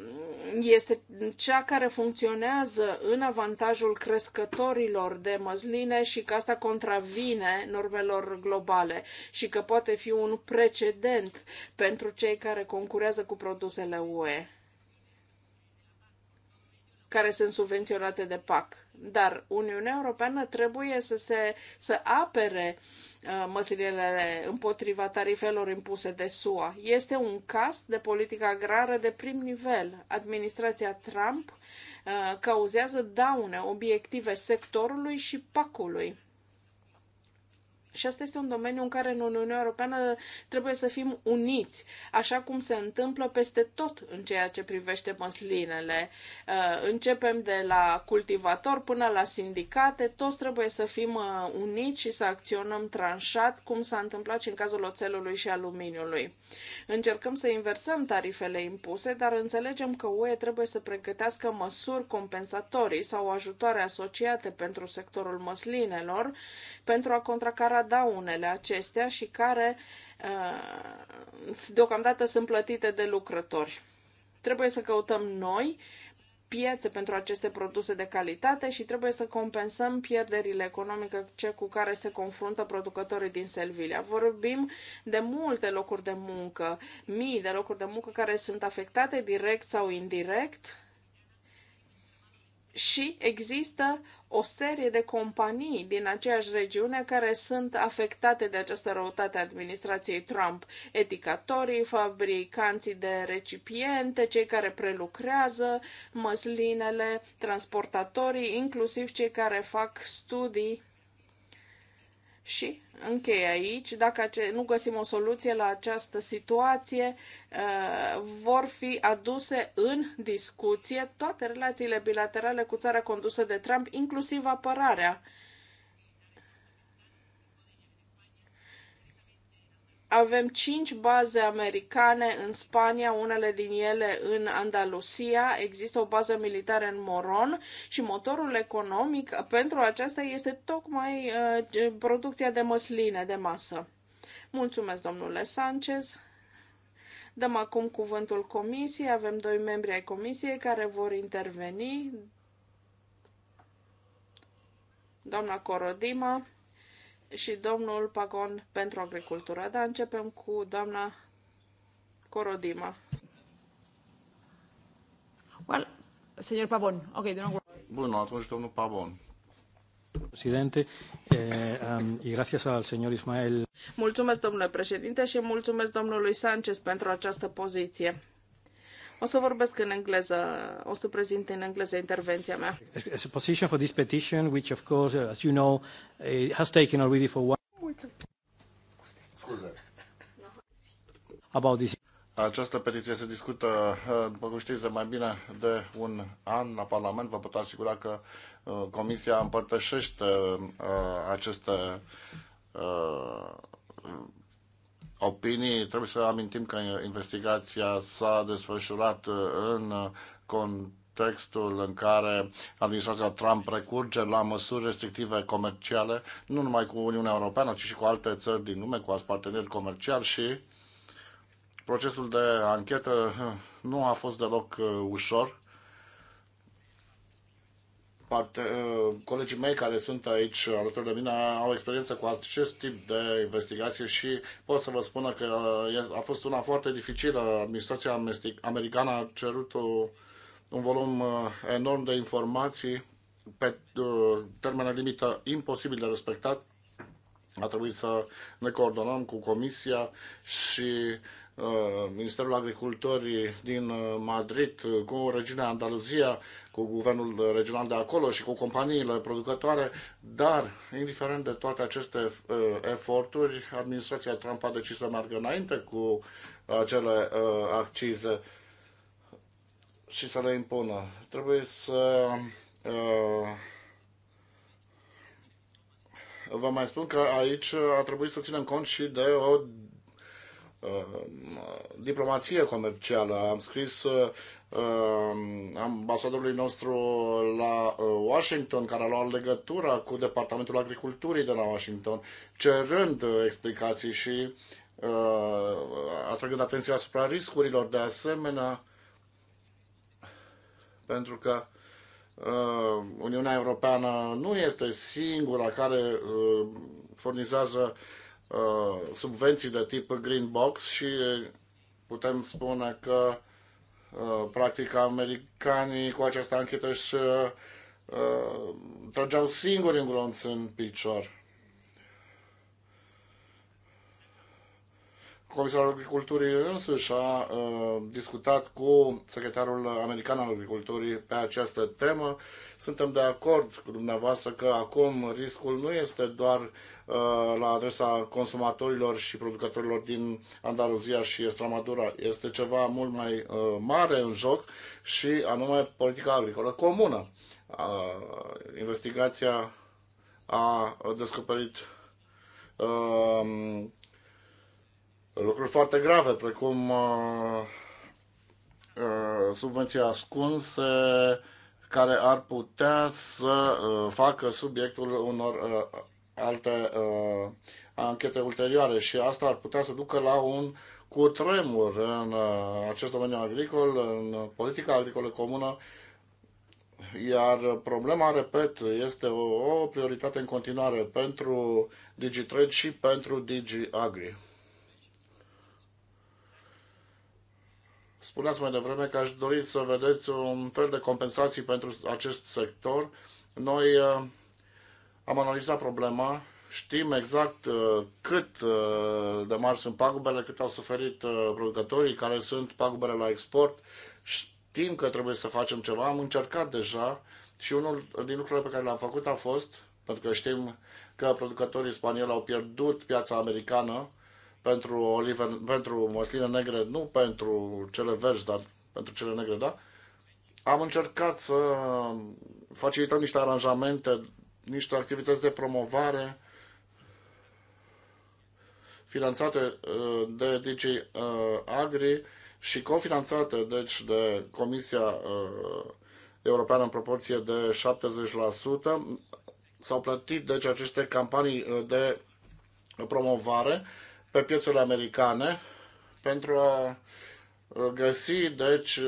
Speaker 1: este cea care funcționează în avantajul crescătorilor de măsline și că asta contravine normelor globale și că poate fi un precedent pentru cei care concurează cu produsele UE care sunt subvenționate de PAC. Dar Uniunea Europeană trebuie să se să apere uh, măsurile împotriva tarifelor impuse de SUA. Este un caz de politică agrară de prim nivel. Administrația Trump uh, cauzează daune obiective sectorului și PAC-ului. Și asta este un domeniu în care în Uniunea Europeană trebuie să fim uniți, așa cum se întâmplă peste tot în ceea ce privește măslinele. Uh, începem de la cultivator până la sindicate, toți trebuie să fim uh, uniți și să acționăm tranșat, cum s-a întâmplat și în cazul oțelului și aluminiului. Încercăm să inversăm tarifele impuse, dar înțelegem că UE trebuie să pregătească măsuri compensatorii sau ajutoare asociate pentru sectorul măslinelor pentru a contracara daunele acestea și care uh, deocamdată sunt plătite de lucrători. Trebuie să căutăm noi piețe pentru aceste produse de calitate și trebuie să compensăm pierderile economice cu care se confruntă producătorii din Selvilia. Vorbim de multe locuri de muncă, mii de locuri de muncă care sunt afectate direct sau indirect și există o serie de companii din aceeași regiune care sunt afectate de această răutate a administrației Trump. Eticatorii, fabricanții de recipiente, cei care prelucrează măslinele, transportatorii, inclusiv cei care fac studii și închei aici, dacă nu găsim o soluție la această situație, uh, vor fi aduse în discuție toate relațiile bilaterale cu țara condusă de Trump, inclusiv apărarea. Avem cinci baze americane în Spania, unele din ele în Andalusia, există o bază militară în Moron și motorul economic pentru aceasta este tocmai uh, producția de măsline de masă. Mulțumesc, domnule Sanchez. Dăm acum cuvântul comisiei. Avem doi membri ai comisiei care vor interveni. Doamna Corodima și domnul Pagon pentru agricultură. Dar începem cu doamna Corodima.
Speaker 3: Well,
Speaker 2: señor
Speaker 1: Pavon. Okay, don't...
Speaker 3: Bun, atunci domnul Pavon. Presidente, eh,
Speaker 2: um, y gracias al señor Ismael.
Speaker 1: Mulțumesc, domnule președinte, și mulțumesc domnului Sanchez pentru această poziție. O să vorbesc în engleză, o să prezint în engleză intervenția mea.
Speaker 2: As a position for this petition, which of course, uh, as you know, has
Speaker 3: taken already for one... Scuze. About this. Această petiție se discută, uh, după cum știți, de mai bine de un an la Parlament. Vă pot asigura că uh, Comisia împărtășește aceste opinii. Trebuie să amintim că investigația s-a desfășurat uh, în uh, contextul în care administrația Trump recurge la măsuri restrictive comerciale, nu numai cu Uniunea Europeană, ci și cu alte țări din lume, cu alți parteneri comerciali și procesul de anchetă uh, nu a fost deloc ușor parte, uh, colegii mei care sunt aici alături de mine au experiență cu acest tip de investigație și pot să vă spună că uh, a fost una foarte dificilă. Administrația americană a cerut o, un volum uh, enorm de informații pe termen limită imposibil de respectat. A trebuit să ne coordonăm cu comisia și Uh, Ministerul Agriculturii din uh, Madrid uh, cu regiunea Andaluzia, cu guvernul regional de acolo și cu companiile producătoare, dar indiferent de toate aceste eforturi, administrația Trump a decis să meargă înainte cu acele accize și să le impună. Trebuie să Vă mai spun că aici a trebuit să ținem cont și de o Uh, diplomație comercială. Am scris uh, uh, ambasadorului nostru la Washington, care a luat legătura cu Departamentul Agriculturii de la Washington, cerând explicații și atrăgând atenția asupra riscurilor de asemenea, pentru că Uniunea Europeană nu este singura care furnizează Uh, subvenții de tip Green Box și putem spune că uh, practic americanii cu această anchetă își uh, trageau singuri în glonț în picior. Comisarul Agriculturii însuși a uh, discutat cu secretarul american al agriculturii pe această temă. Suntem de acord cu dumneavoastră că acum riscul nu este doar uh, la adresa consumatorilor și producătorilor din Andaluzia și Estramadura. Este ceva mult mai uh, mare în joc și anume politica agricolă comună. Investigația a descoperit lucruri foarte grave, precum uh, uh, subvenții ascunse, care ar putea să uh, facă subiectul unor alte anchete ulterioare și asta ar putea să ducă la un cutremur în acest domeniu agricol, în politica agricolă comună, iar problema, repet, este o, o prioritate în continuare pentru DigiTrade și pentru DigiAgri. Spuneați mai devreme că aș dori să vedeți un fel de compensații pentru acest sector. Noi uh, am analizat problema, știm exact uh, cât uh, de mari sunt pagubele, cât au suferit producătorii, care sunt pagubele la export. Știm că trebuie să facem ceva, am încercat deja și unul din lucrurile pe care le-am făcut a fost, pentru că știm că producătorii spanioli au pierdut piața americană, pentru, olive, pentru măsline negre, nu pentru cele verzi, dar pentru cele negre, da? Am încercat să facilităm niște aranjamente, niște activități de promovare finanțate uh, de DG uh, Agri și cofinanțate, deci, de Comisia uh, Europeană în proporție de 70%. S-au plătit, deci, aceste campanii de promovare pe piețele americane pentru a găsi, deci,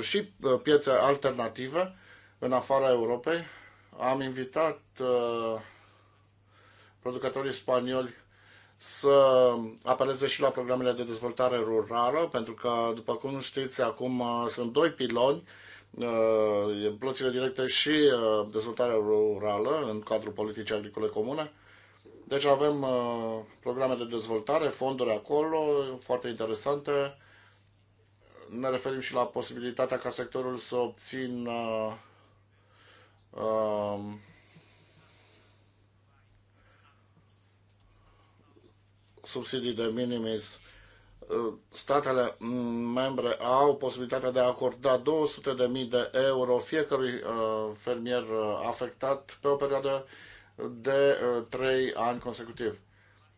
Speaker 3: și piețe alternative în afara Europei. Am invitat producătorii spanioli să apeleze și la programele de dezvoltare rurală, pentru că, după cum știți, acum sunt doi piloni, plățile directe și dezvoltarea rurală în cadrul politicii agricole comune. Deci avem uh, programe de dezvoltare, fonduri acolo, foarte interesante. Ne referim și la posibilitatea ca sectorul să obțină uh, uh, subsidii de minimis. Uh, statele mm, membre au posibilitatea de a acorda 200.000 de euro fiecărui uh, fermier uh, afectat pe o perioadă uh, de uh, trei ani consecutiv.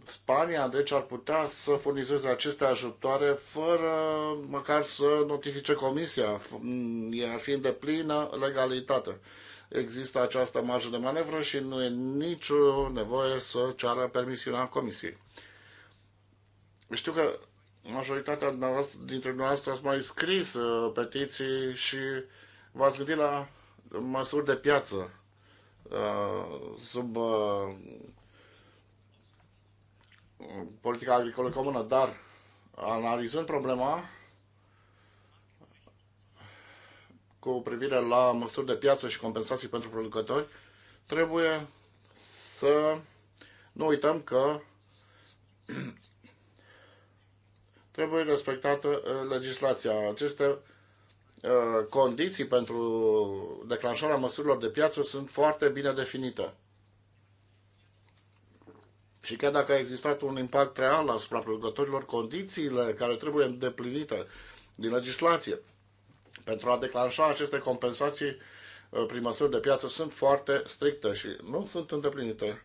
Speaker 3: Spania, deci, ar putea să furnizeze aceste ajutoare fără măcar să notifice comisia. Mm, ar fi de deplină legalitate. Există această marjă de manevră și nu e nicio nevoie să ceară permisiunea comisiei. Știu că majoritatea dintre dumneavoastră ați mai scris uh, petiții și v-ați gândit la măsuri de piață Uh, sub uh, politica agricolă comună, dar analizând problema cu privire la măsuri de piață și compensații pentru producători, trebuie să nu uităm că (clears throat) trebuie respectată uh, legislația. Aceste Uh, condiții pentru declanșarea măsurilor de piață sunt foarte bine definite. Și chiar dacă a existat un impact real asupra producătorilor, condițiile care trebuie îndeplinite din legislație pentru a declanșa aceste compensații uh, prin măsuri de piață sunt foarte stricte și nu sunt îndeplinite.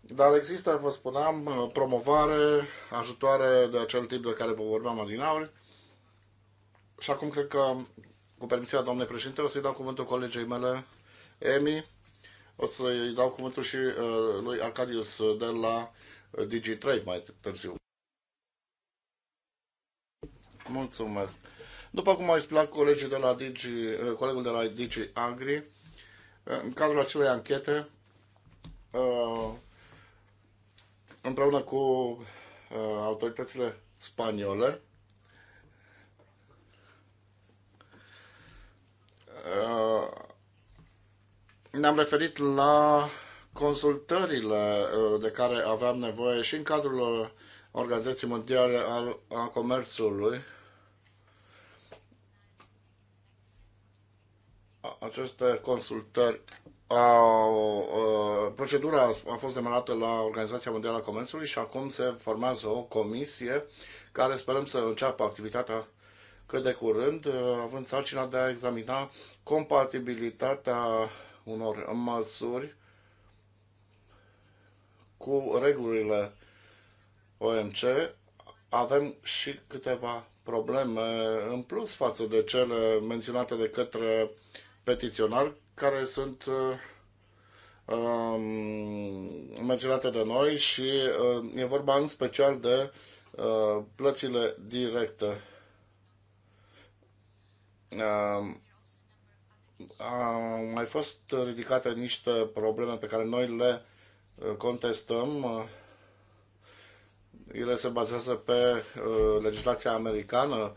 Speaker 3: Dar există, vă spuneam, uh, promovare, ajutoare de acel tip de care vă vorbeam adinauri, și acum cred că, cu permisiunea doamnei președinte, o să-i dau cuvântul colegei mele, Emi, o să-i dau cuvântul și uh, lui Arcadius uh, de la uh, DigiTrade mai târziu. Mulțumesc. După cum a explicat colegii de la Digi, uh, colegul de la Digi Agri, în cadrul acelei anchete, împreună cu autoritățile spaniole, Uh, ne-am referit la consultările uh, de care aveam nevoie și în cadrul uh, Organizației Mondiale al, a Comerțului. Aceste consultări au, procedura a fost demarată la Organizația Mondială a Comerțului și acum se formează o comisie care sperăm să înceapă activitatea Că de curând, uh, având sarcina de a examina compatibilitatea unor măsuri cu regulile OMC. Avem și câteva probleme în plus față de cele menționate de către petiționar, care sunt uh, um, menționate de noi și uh, e vorba în special de uh, plățile directe au mai fost ridicate niște probleme pe care noi le uh, contestăm. Uh, ele se bazează pe uh, legislația americană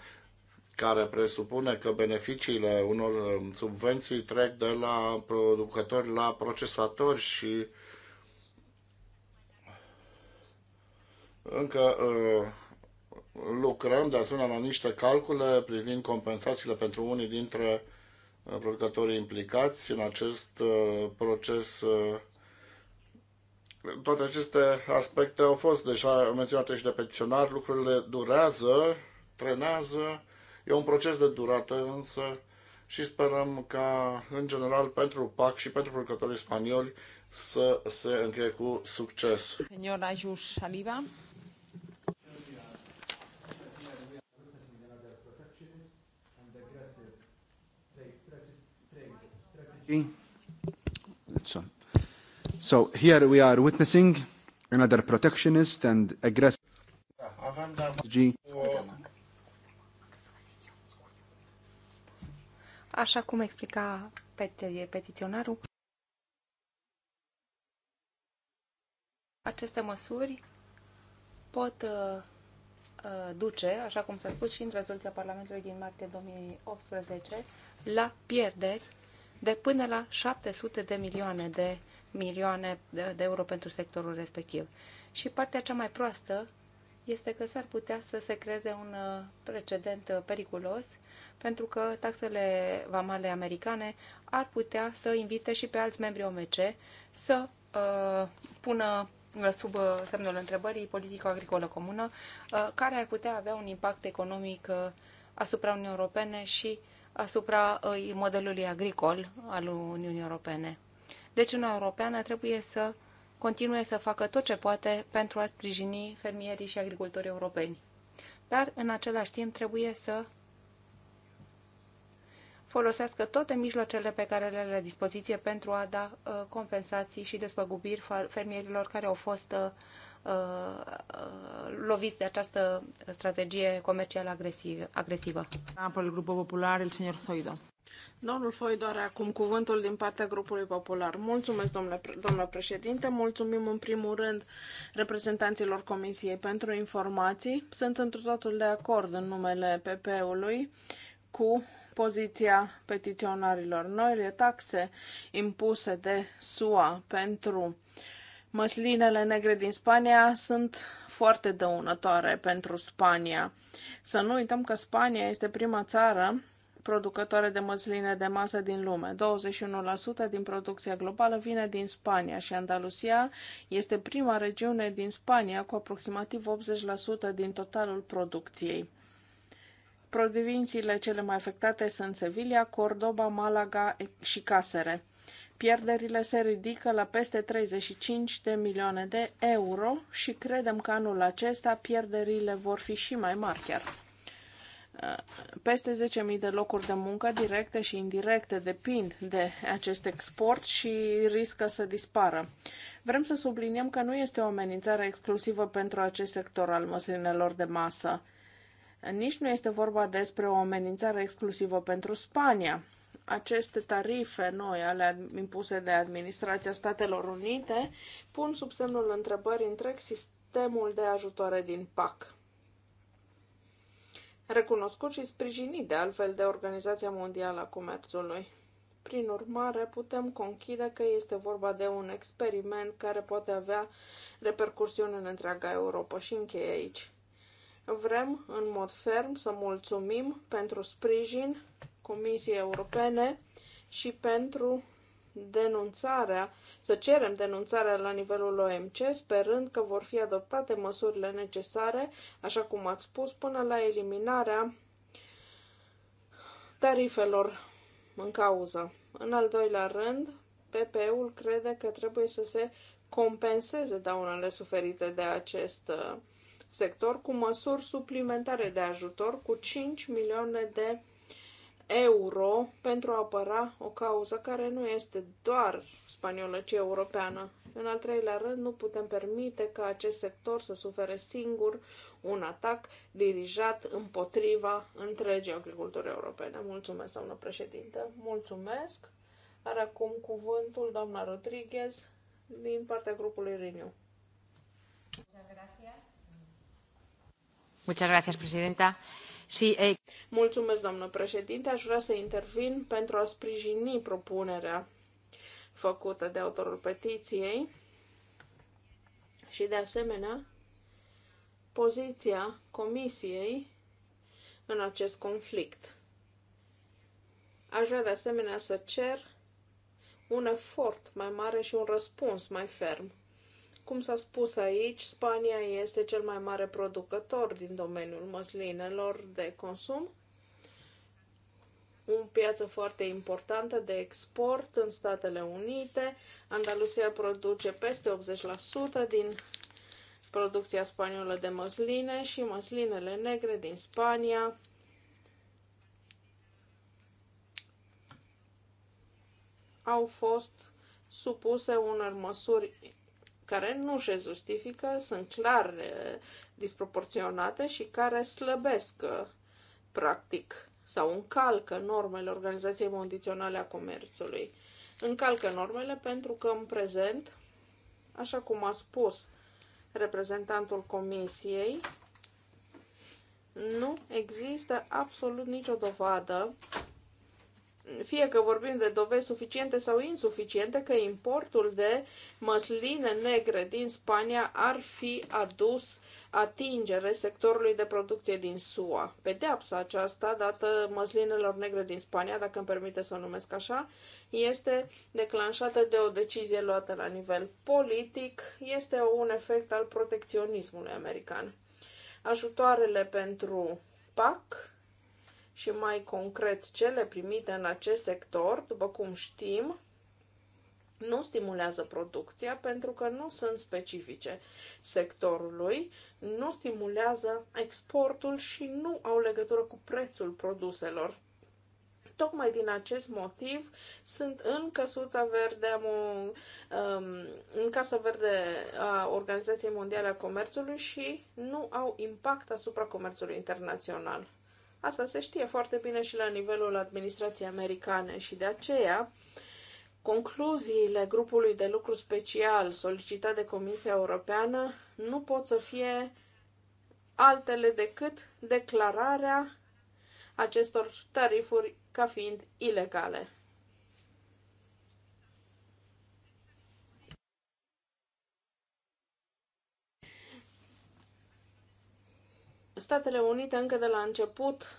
Speaker 3: care presupune că beneficiile unor um, subvenții trec de la producători la procesatori și încă Lucrăm de asemenea la niște calcule privind compensațiile pentru unii dintre uh, producătorii implicați în acest uh, proces. Uh, toate aceste aspecte au fost deja menționate și de petiționar. Lucrurile durează, trenează. E un proces de durată însă și sperăm ca, în general, pentru PAC și pentru producătorii spanioli să se încheie cu succes.
Speaker 2: Senor Ajus Saliba.
Speaker 3: So here we are witnessing another protectionist and aggressive strategy. Așa cum explica
Speaker 2: peti petiționarul, aceste măsuri pot uh, uh, duce, așa cum s-a spus și în rezoluția Parlamentului din martie 2018, la pierderi de până la 700 de milioane de milioane de euro pentru sectorul respectiv. Și partea cea mai proastă este că s-ar putea să se creeze un uh, precedent uh, periculos, pentru că taxele vamale americane ar putea să invite și pe alți membri OMC să uh, pună uh, sub semnul întrebării politică agricolă comună, uh, care ar putea avea un impact economic uh, asupra Uniunii Europene și uh, asupra uh, modelului agricol al Uniunii Europene. Deci Uniunea Europeană trebuie să continue să facă tot ce poate pentru a sprijini fermierii și agricultorii europeni. Dar, în același timp, trebuie să folosească toate mijloacele pe care le are la dispoziție pentru a da uh, compensații și despăgubiri fermierilor care au fost uh, Uh, uh, loviți de această strategie comercială agresivă. Grupul Popular, Domnul Foido
Speaker 1: are acum cuvântul din partea grupului popular. Mulțumesc, domnule, domnule președinte, mulțumim în primul rând reprezentanților Comisiei pentru informații. Sunt într totul de acord în numele PP-ului cu poziția petiționarilor. Noile taxe impuse de SUA pentru uh, Măslinele negre din Spania sunt foarte dăunătoare pentru Spania. Să nu uităm că Spania este prima țară producătoare de măsline de masă din lume. 21% din producția globală vine din Spania și Andalusia este prima regiune din Spania cu aproximativ 80% din totalul producției. Provinciile cele mai afectate sunt Sevilla, Cordoba, Malaga și Casere. Pierderile se ridică la peste 35 de milioane de euro și credem că anul acesta pierderile vor fi și mai mari chiar. Peste 10.000 de locuri de muncă directe și indirecte depind de acest export și riscă să dispară. Vrem să subliniem că nu este o amenințare exclusivă pentru acest sector al măslinelor de masă. Nici nu este vorba despre o amenințare exclusivă pentru Spania aceste tarife noi ale impuse de administrația Statelor Unite pun sub semnul întrebării întreg sistemul de ajutoare din PAC. Recunoscut și sprijinit de altfel de Organizația Mondială a Comerțului. Prin urmare, putem conchide că este vorba de un experiment care poate avea repercursiuni în întreaga Europa și încheie aici. Vrem, în mod ferm, să mulțumim pentru sprijin Comisiei Europene și pentru denunțarea, să cerem denunțarea la nivelul OMC, sperând că vor fi adoptate măsurile necesare, așa cum ați spus, până la eliminarea tarifelor în cauză. În al doilea rând, PPE-ul crede că trebuie să se compenseze daunele suferite de acest uh, sector cu măsuri suplimentare de ajutor cu 5 milioane de euro pentru a apăra o cauză care nu este doar spaniolă, ci europeană. În al treilea rând, nu putem permite ca acest sector să sufere singur un atac dirijat împotriva întregii agriculturi europene. Mulțumesc, doamnă președinte. Mulțumesc. Are acum cuvântul doamna Rodriguez din partea grupului Renew.
Speaker 2: Muchas gracias, presidenta. Sí, eh...
Speaker 1: Mulțumesc, doamnă președinte. Aș vrea să intervin pentru a sprijini propunerea făcută de autorul petiției și, de asemenea, poziția Comisiei în acest conflict. Aș vrea, de asemenea, să cer un efort mai mare și un răspuns mai ferm. Cum s-a spus aici, Spania este cel mai mare producător din domeniul măslinelor de consum o piață foarte importantă de export în Statele Unite. Andalusia produce peste 80% din producția spaniolă de măsline și măslinele negre din Spania. au fost supuse unor măsuri care nu se justifică, sunt clar eh, disproporționate și care slăbesc eh, practic sau încalcă normele Organizației Mondiționale a Comerțului. Încalcă normele pentru că în prezent, așa cum a spus reprezentantul Comisiei, nu există absolut nicio dovadă fie că vorbim de dovezi suficiente sau insuficiente, că importul de măsline negre din Spania ar fi adus atingere sectorului de producție din SUA. Pedeapsa aceasta dată măslinelor negre din Spania, dacă îmi permite să o numesc așa, este declanșată de o decizie luată la nivel politic, este un efect al protecționismului american. Ajutoarele pentru PAC și mai concret cele primite în acest sector, după cum știm, nu stimulează producția pentru că nu sunt specifice sectorului, nu stimulează exportul și nu au legătură cu prețul produselor. Tocmai din acest motiv sunt în căsuța verde, am o, um, în Casa Verde a Organizației Mondiale a Comerțului și nu au impact asupra comerțului internațional. Asta se știe foarte bine și la nivelul administrației americane și de aceea concluziile grupului de lucru special solicitat de Comisia Europeană nu pot să fie altele decât declararea acestor tarifuri ca fiind ilegale. Statele Unite încă de la început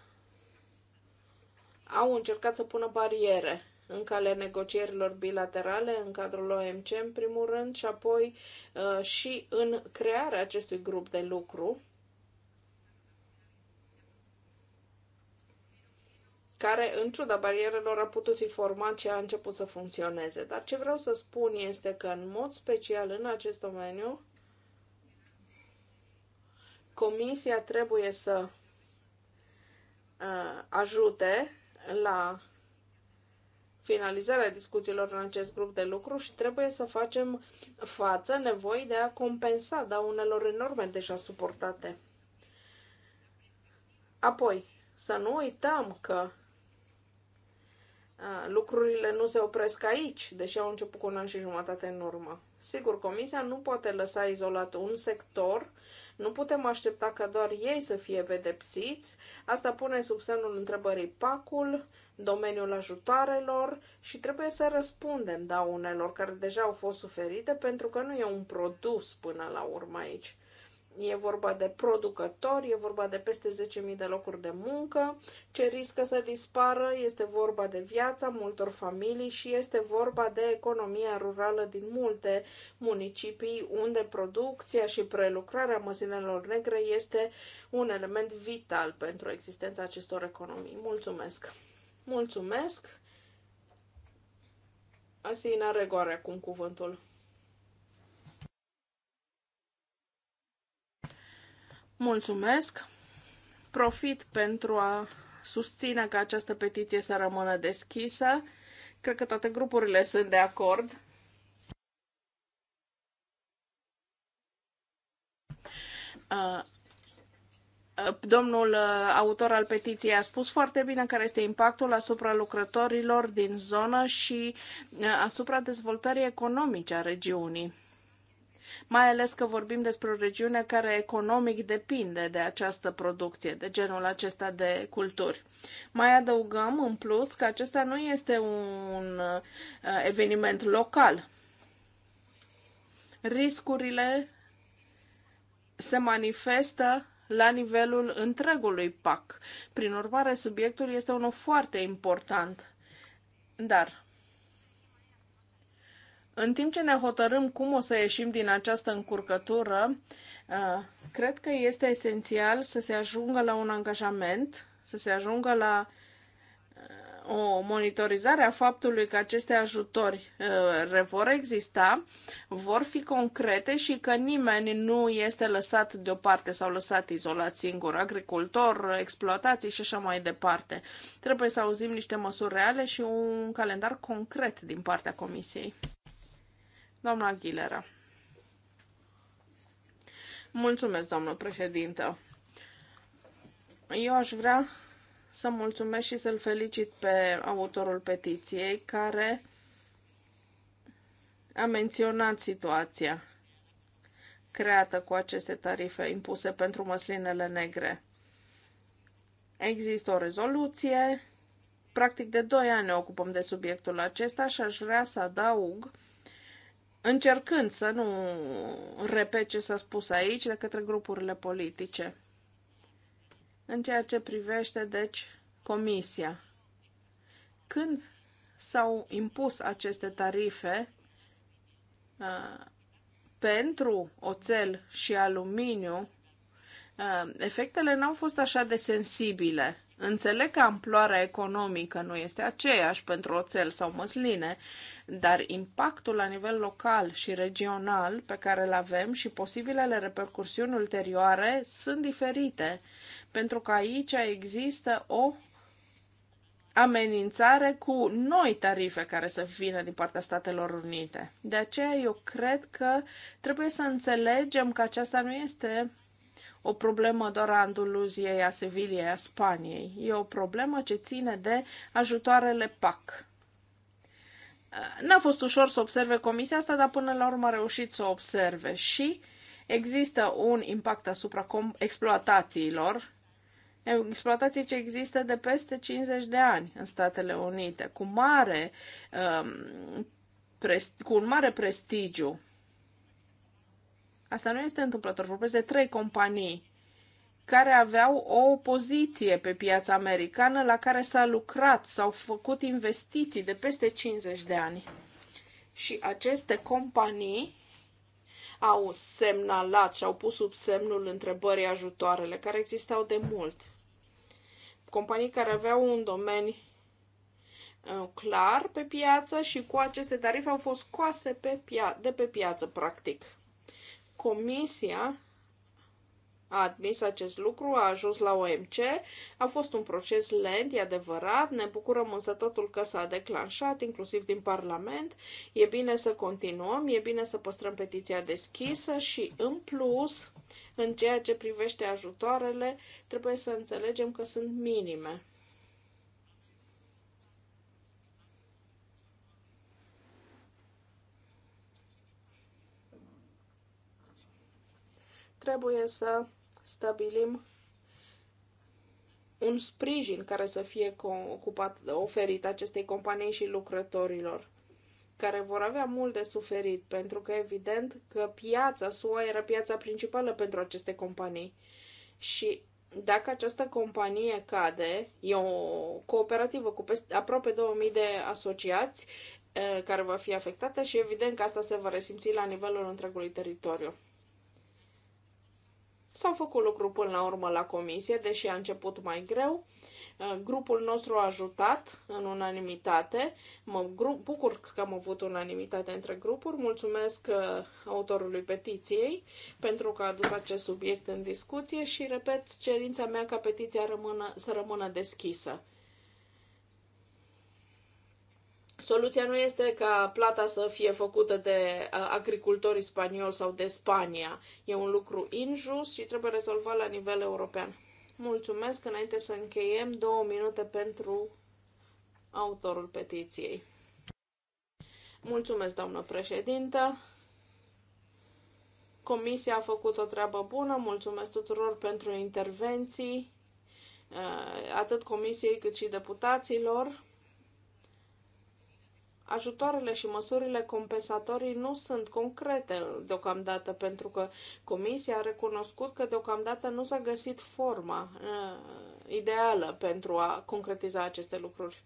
Speaker 1: au încercat să pună bariere în calea negocierilor bilaterale în cadrul OMC în primul rând și apoi uh, și în crearea acestui grup de lucru care, în ciuda barierelor, a putut fi format și a început să funcționeze. Dar ce vreau să spun este că, în mod special, în acest domeniu, Comisia trebuie să uh, ajute la finalizarea discuțiilor în acest grup de lucru și trebuie să facem față nevoii de a compensa daunelor enorme deja suportate. Apoi, să nu uităm că uh, lucrurile nu se opresc aici, deși au început cu un an și jumătate în urmă. Sigur, Comisia nu poate lăsa izolat un sector nu putem aștepta ca doar ei să fie pedepsiți. Asta pune sub semnul întrebării pacul, domeniul ajutoarelor și trebuie să răspundem daunelor care deja au fost suferite pentru că nu e un produs până la urmă aici. E vorba de producători, e vorba de peste 10.000 de locuri de muncă, ce riscă să dispară, este vorba de viața multor familii și este vorba de economia rurală din multe municipii unde producția și prelucrarea măsinelor negre este un element vital pentru existența acestor economii. Mulțumesc! Mulțumesc! Asina Regoare acum cuvântul. Mulțumesc! Profit pentru a susține că această petiție să rămână deschisă. Cred că toate grupurile sunt de acord. Uh, domnul uh, autor al petiției a spus foarte bine care este impactul asupra lucrătorilor din zonă și uh, asupra dezvoltării economice a regiunii mai ales că vorbim despre o regiune care economic depinde de această producție, de genul acesta de culturi. Mai adăugăm în plus că acesta nu este un uh, eveniment local. Riscurile se manifestă la nivelul întregului PAC. Prin urmare, subiectul este unul foarte important. Dar în timp ce ne hotărâm cum o să ieșim din această încurcătură, uh, cred că este esențial să se ajungă la un angajament, să se ajungă la uh, o monitorizare a faptului că aceste ajutori uh, vor exista, vor fi concrete și că nimeni nu este lăsat deoparte sau lăsat izolat singur, agricultor, exploatații și așa mai departe. Trebuie să auzim niște măsuri reale și un calendar concret din partea Comisiei. Doamna Aguilera. Mulțumesc, doamnă președintă. Eu aș vrea să mulțumesc și să-l felicit pe autorul petiției care a menționat situația creată cu aceste tarife impuse pentru măslinele negre. Există o rezoluție, practic de 2 ani ne ocupăm de subiectul acesta și aș vrea să adaug încercând să nu repet ce s-a spus aici de către grupurile politice. În ceea ce privește, deci, comisia. Când s-au impus aceste tarife a, pentru oțel și aluminiu, a, efectele n-au fost așa de sensibile Înțeleg că amploarea economică nu este aceeași pentru oțel sau măsline, dar impactul la nivel local și regional pe care îl avem și posibilele repercursiuni ulterioare sunt diferite, pentru că aici există o amenințare cu noi tarife care să vină din partea Statelor Unite. De aceea eu cred că trebuie să înțelegem că aceasta nu este o problemă doar a Anduluziei, a Seviliei, a Spaniei. E o problemă ce ține de ajutoarele PAC. N-a fost ușor să observe comisia asta, dar până la urmă a reușit să o observe și există un impact asupra exploatațiilor, exploatații ce există de peste 50 de ani în Statele Unite, cu, mare, um, cu un mare prestigiu Asta nu este întâmplător. Vorbesc de trei companii care aveau o poziție pe piața americană la care s-a lucrat, s-au făcut investiții de peste 50 de ani. Și aceste companii au semnalat și au pus sub semnul întrebării ajutoarele care existau de mult. Companii care aveau un domeniu uh, clar pe piață și cu aceste tarife au fost scoase pe pia- de pe piață, practic. Comisia a admis acest lucru, a ajuns la OMC, a fost un proces lent, e adevărat, ne bucurăm însă totul că s-a declanșat, inclusiv din Parlament, e bine să continuăm, e bine să păstrăm petiția deschisă și, în plus, în ceea ce privește ajutoarele, trebuie să înțelegem că sunt minime. trebuie să stabilim un sprijin care să fie ocupat, oferit acestei companii și lucrătorilor, care vor avea mult de suferit, pentru că evident că piața SUA era piața principală pentru aceste companii. Și dacă această companie cade, e o cooperativă cu peste, aproape 2000 de asociați eh, care va fi afectată și evident că asta se va resimți la nivelul întregului teritoriu. S-a făcut lucru până la urmă la comisie, deși a început mai greu. Uh, grupul nostru a ajutat în unanimitate. Mă bucur că am avut unanimitate între grupuri. Mulțumesc uh, autorului petiției pentru că a adus acest subiect în discuție și, repet, cerința mea ca petiția rămână, să rămână deschisă. Soluția nu este ca plata să fie făcută de uh, agricultori spanioli sau de Spania. E un lucru injust și trebuie rezolvat la nivel european. Mulțumesc. Înainte să încheiem, două minute pentru autorul petiției. Mulțumesc, doamnă președintă. Comisia a făcut o treabă bună. Mulțumesc tuturor pentru intervenții, uh, atât comisiei cât și deputaților ajutoarele și măsurile compensatorii nu sunt concrete deocamdată, pentru că Comisia a recunoscut că deocamdată nu s-a găsit forma uh, ideală pentru a concretiza aceste lucruri.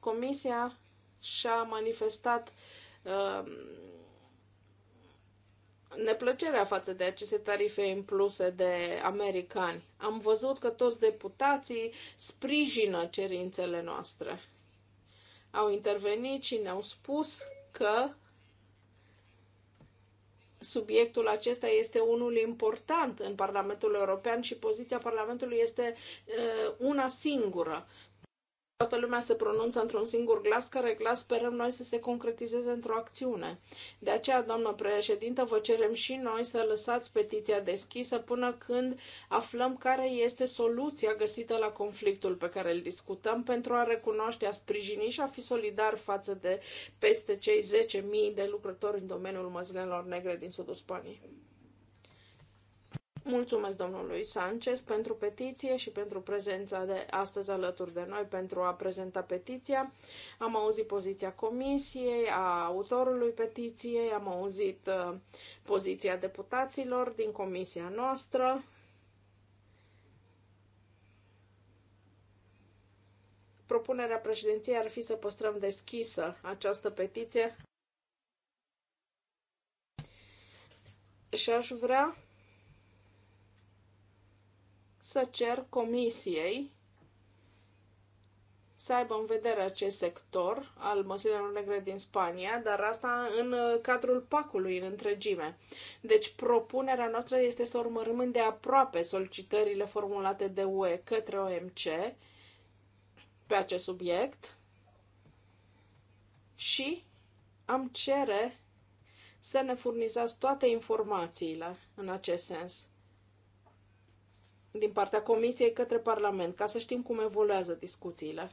Speaker 1: Comisia și-a manifestat uh, neplăcerea față de aceste tarife impluse de americani. Am văzut că toți deputații sprijină cerințele noastre au intervenit și ne-au spus că subiectul acesta este unul important în Parlamentul European și poziția Parlamentului este uh, una singură toată lumea se pronunță într-un singur glas, care glas sperăm noi să se concretizeze într-o acțiune. De aceea, doamnă președintă, vă cerem și noi să lăsați petiția deschisă până când aflăm care este soluția găsită la conflictul pe care îl discutăm pentru a recunoaște, a sprijini și a fi solidar față de peste cei 10.000 de lucrători în domeniul măzlinelor negre din sudul Spaniei. Mulțumesc domnului Sanchez pentru petiție și pentru prezența de astăzi alături de noi pentru a prezenta petiția. Am auzit poziția comisiei, a autorului petiției, am auzit uh, poziția deputaților din comisia noastră. Propunerea președinției ar fi să păstrăm deschisă această petiție. Și aș vrea să cer comisiei să aibă în vedere acest sector al măsurilor negre din Spania, dar asta în uh, cadrul pacului în întregime. Deci propunerea noastră este să urmărim de aproape solicitările formulate de UE către OMC pe acest subiect și am cere să ne furnizați toate informațiile în acest sens din partea Comisiei către Parlament, ca să știm cum evoluează discuțiile.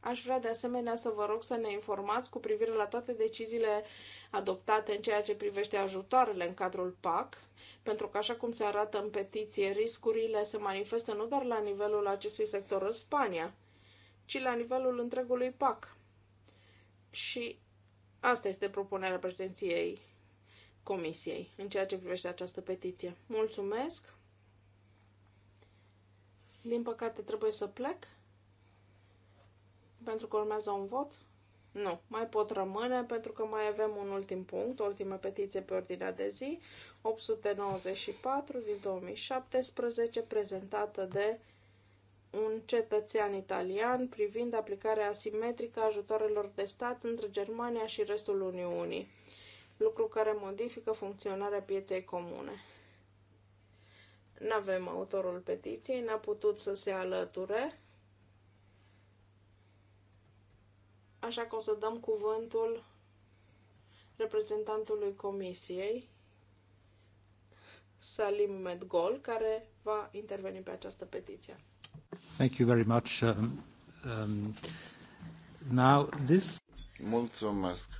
Speaker 1: Aș vrea de asemenea să vă rog să ne informați cu privire la toate deciziile adoptate în ceea ce privește ajutoarele în cadrul PAC, pentru că, așa cum se arată în petiție, riscurile se manifestă nu doar la nivelul acestui sector în Spania, ci la nivelul întregului PAC. Și asta este propunerea președinției Comisiei în ceea ce privește această petiție. Mulțumesc! Din păcate trebuie să plec pentru că urmează un vot. Nu, mai pot rămâne pentru că mai avem un ultim punct, ultima petiție pe ordinea de zi, 894 din 2017, prezentată de un cetățean italian privind aplicarea asimetrică a ajutoarelor de stat între Germania și restul Uniunii lucru care modifică funcționarea pieței comune. Nu avem autorul petiției, n-a putut să se alăture, așa că o să dăm cuvântul reprezentantului comisiei, Salim Medgol, care va interveni pe această petiție.
Speaker 3: Thank you very much. Um, um, now this... Mulțumesc.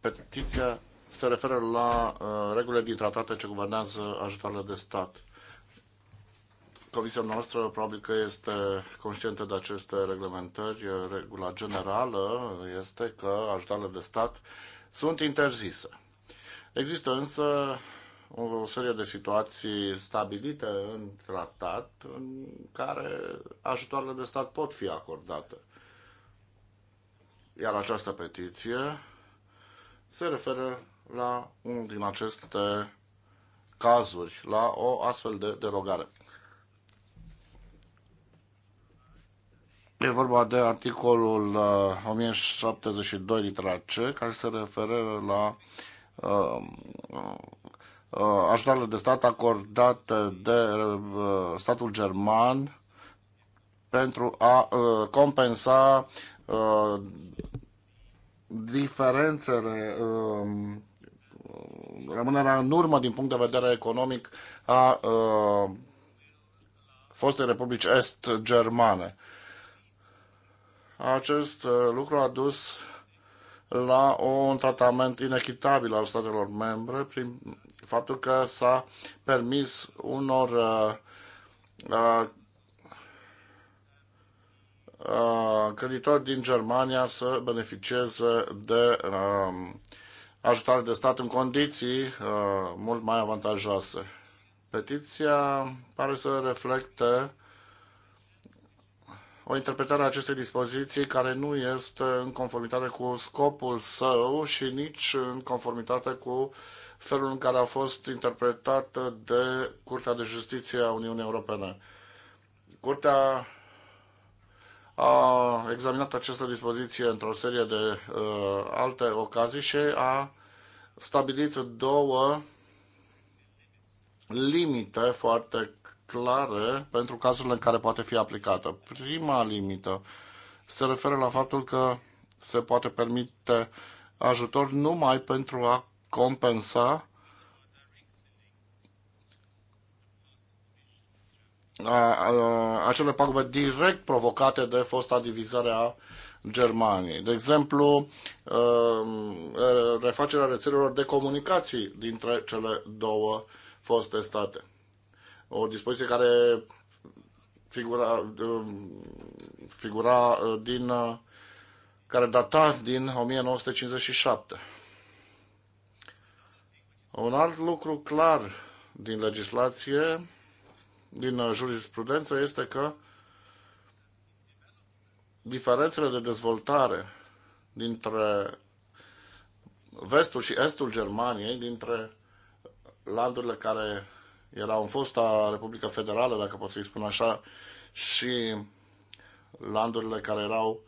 Speaker 3: Petiția se referă la uh, regulile din tratate ce guvernează ajutoarele de stat. Comisia noastră probabil că este conștientă de aceste reglementări. Regula generală este că ajutoarele de stat sunt interzise. Există însă o serie de situații stabilite în tratat în care ajutoarele de stat pot fi acordate. Iar această petiție se referă la unul din aceste cazuri, la o astfel de derogare. E vorba de articolul 1072 uh, litera C, care se referă la uh, uh, uh, ajutoarele de stat acordate de uh, statul german pentru a uh, compensa Uh, diferențele, um, rămânerea în urmă din punct de vedere economic a uh, fostei republici est-germane. Acest uh, lucru a dus la un tratament inechitabil al statelor membre prin faptul că s-a permis unor uh, Uh, creditori din Germania să beneficieze de um, ajutare de stat în condiții uh, mult mai avantajoase. Petiția pare să reflecte o interpretare a acestei dispoziții care nu este în conformitate cu scopul său și nici în conformitate cu felul în care a fost interpretată de Curtea de Justiție a Uniunii Europene. Curtea a examinat această dispoziție într-o serie de uh, alte ocazii și a stabilit două limite foarte clare pentru cazurile în care poate fi aplicată. Prima limită se referă la faptul că se poate permite ajutor numai pentru a compensa acele pagube direct provocate de fosta divizare a Germaniei. De exemplu, refacerea rețelelor de comunicații dintre cele două foste state. O dispoziție care figura, figura din care data din 1957. Un alt lucru clar din legislație din uh, jurisprudență este că diferențele de dezvoltare dintre vestul și estul Germaniei, dintre landurile care erau în fosta Republică Federală, dacă pot să-i spun așa, și landurile care erau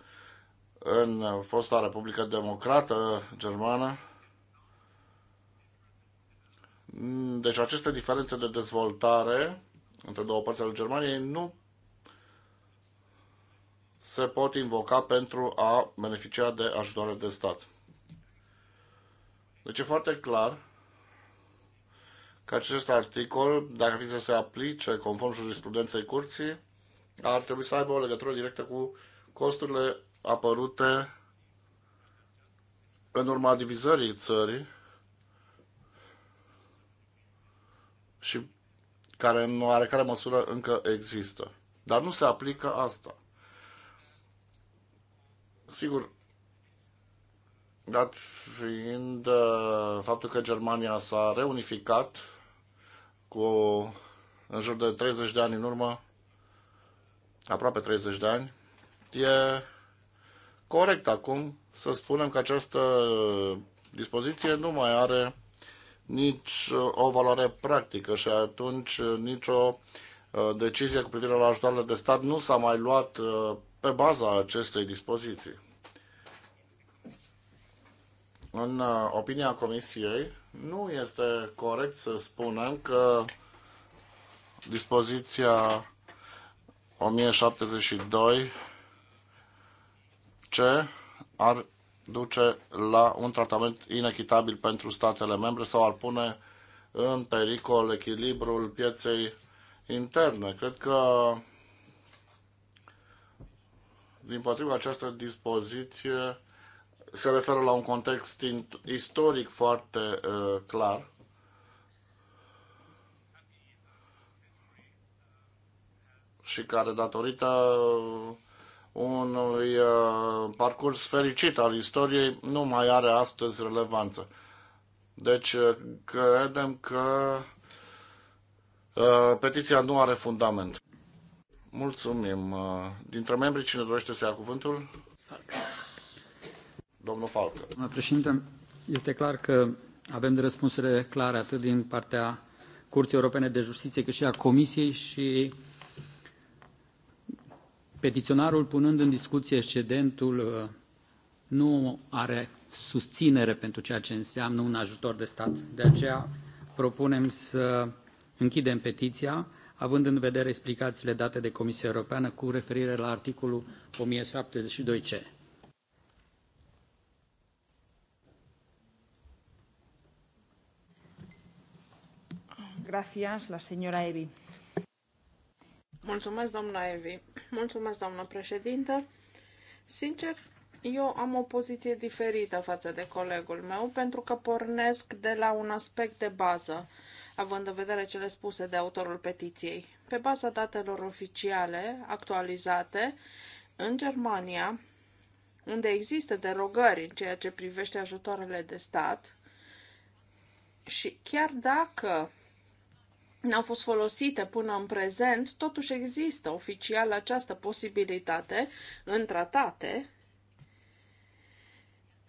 Speaker 3: în fosta Republică Democrată Germană. Deci aceste diferențe de dezvoltare între două părți ale Germaniei nu se pot invoca pentru a beneficia de ajutoare de stat. Deci e foarte clar că acest articol, dacă fi să se aplice conform jurisprudenței curții, ar trebui să aibă o legătură directă cu costurile apărute în urma divizării țării și care în oarecare măsură încă există. Dar nu se aplică asta. Sigur, dat fiind uh, faptul că Germania s-a reunificat cu în jur de 30 de ani în urmă, aproape 30 de ani, e corect acum să spunem că această dispoziție nu mai are nici uh, o valoare practică și atunci uh, nicio uh, decizie cu privire la ajutoarele de stat nu s-a mai luat pe baza acestei dispoziții. În opinia Comisiei, nu este corect să spunem că dispoziția 1072 ce ar duce la un tratament inechitabil pentru statele membre sau ar pune în pericol echilibrul pieței interne. Cred că, din potriva, această dispoziție se referă la un context istoric foarte uh, clar. și care, datorită uh, unui uh, parcurs fericit al istoriei nu mai are astăzi relevanță. Deci uh, credem că uh, petiția nu are fundament. Mulțumim. Dintre membrii, cine dorește să ia cuvântul? Domnul Falcă.
Speaker 1: Domnul președinte, este clar că avem de răspunsurile clare atât din partea Curții Europene de Justiție cât și a Comisiei și
Speaker 2: uh, Petiționarul, punând în discuție excedentul, uh, nu are susținere pentru ceea ce înseamnă un ajutor de stat. De aceea propunem să închidem petiția, având în vedere
Speaker 1: explicațiile date de Comisia Europeană cu referire la articolul 1072C.
Speaker 2: Gracias, la señora Evi.
Speaker 1: Mulțumesc, doamna Evi. Mulțumesc, doamnă președintă. Sincer, eu am o poziție diferită față de colegul meu pentru că pornesc de la un aspect de bază, având în vedere cele spuse de autorul petiției. Pe baza datelor oficiale actualizate, în Germania, unde există derogări în ceea ce privește ajutoarele de stat, și chiar dacă n-au fost folosite până în prezent, totuși există oficial această posibilitate în tratate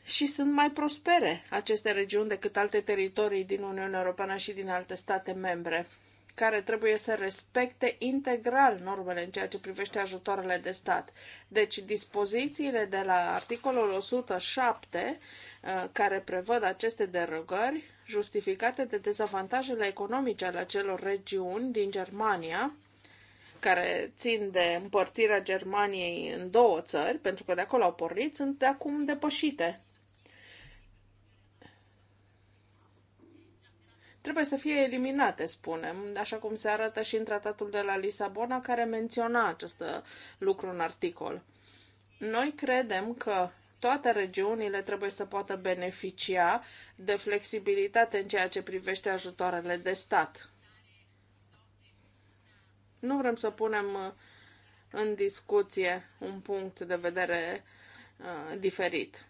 Speaker 1: și sunt mai prospere aceste regiuni decât alte teritorii din Uniunea Europeană și din alte state membre care trebuie să respecte integral normele în ceea ce privește ajutoarele de stat. Deci, dispozițiile de la articolul 107, uh, care prevăd aceste derogări, justificate de dezavantajele economice ale acelor regiuni din Germania, care țin de împărțirea Germaniei în două țări, pentru că de acolo au pornit, sunt de acum depășite. trebuie să fie eliminate, spunem, așa cum se arată și în tratatul de la Lisabona, care menționa acest lucru în articol. Noi credem că toate regiunile trebuie să poată beneficia de flexibilitate în ceea ce privește ajutoarele de stat. Nu vrem să punem uh, în discuție un punct de vedere uh, diferit.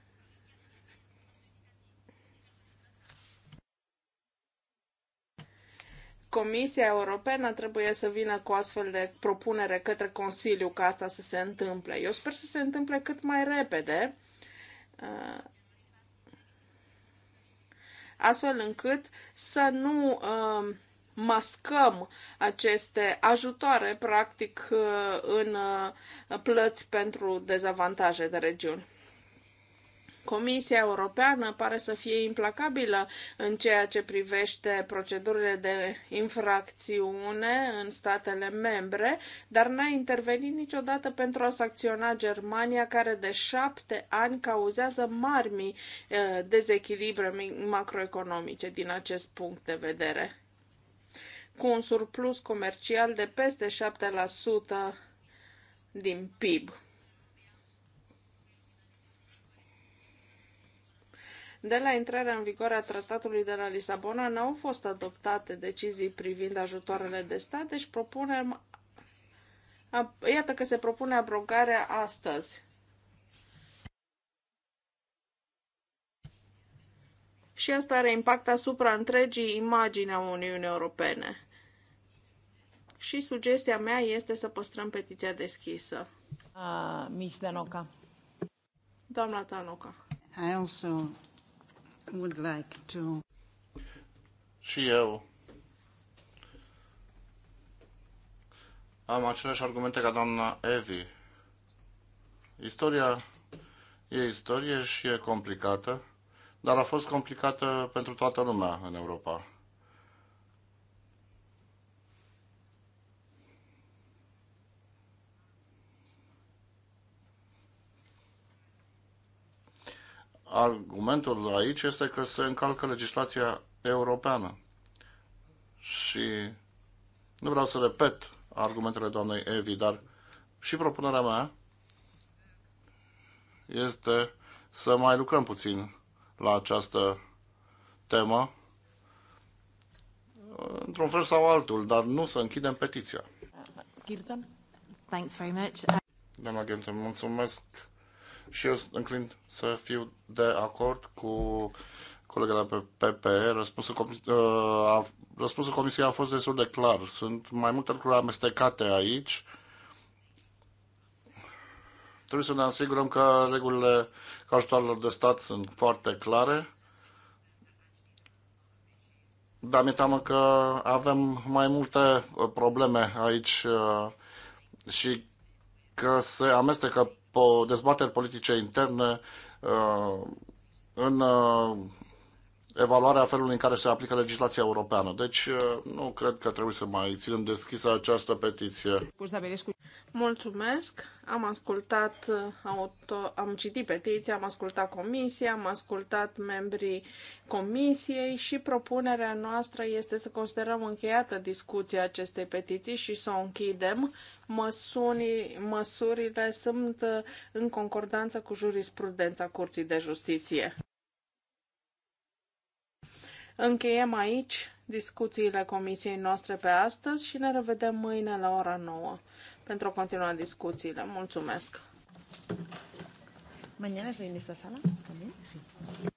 Speaker 1: Comisia Europeană trebuie să vină cu astfel de propunere către Consiliu ca asta să se întâmple. Eu sper să se întâmple cât mai repede, uh, astfel încât să nu uh, mascăm aceste ajutoare, practic, uh, în plăți pentru dezavantaje de regiuni. Comisia Europeană pare să fie implacabilă în ceea ce privește procedurile de infracțiune în statele membre, dar n-a intervenit niciodată pentru a sancționa Germania, care de șapte ani cauzează mari eh, dezechilibre macroeconomice din acest punct de vedere. Cu un surplus comercial de peste 7% din PIB. De la intrarea în vigoare a tratatului de la Lisabona n-au fost adoptate decizii privind ajutoarele de stat, deci propunem Iată că se propune abrogarea astăzi. Și asta are impact asupra întregii imagini a Uniunii Europene. Și sugestia mea este să păstrăm petiția deschisă. Uh,
Speaker 2: Miss Danoca.
Speaker 1: Doamna Tanoca.
Speaker 2: I also would like to...
Speaker 3: Și eu am aceleași argumente ca doamna Evi. Istoria e istorie și e complicată, dar a fost complicată pentru toată lumea în Europa. argumentul aici este că se încalcă legislația europeană. Și nu vreau să repet argumentele doamnei Evi, dar și propunerea mea este să mai lucrăm puțin la această temă, într-un fel sau altul, dar nu să închidem petiția. thanks very much. Doamna Gilden, mulțumesc și eu înclin să fiu de acord cu colega de pe PPE. Răspunsul, comis- uh, a, răspunsul comisiei a fost destul de clar. Sunt mai multe lucruri amestecate aici. Trebuie să ne asigurăm că regulile ca ajutoarelor de stat sunt foarte clare. Dar mi-e teamă că avem mai multe uh, probleme aici uh, și că se amestecă dezbateri politice interne uh, în uh, evaluarea felului în care se aplică legislația europeană. Deci uh, nu cred că trebuie să mai ținem deschisă această petiție.
Speaker 1: Mulțumesc, am ascultat, uh, auto, am citit petiția, am ascultat comisia, am ascultat membrii comisiei și propunerea noastră este să considerăm încheiată discuția acestei petiții și să o închidem. Măsurii, măsurile sunt uh, în concordanță cu jurisprudența Curții de Justiție. Încheiem aici discuțiile comisiei noastre pe astăzi și ne revedem mâine la ora 9 pentru a continua discuțiile. Mulțumesc! Mañana se en esta sala también? Sí.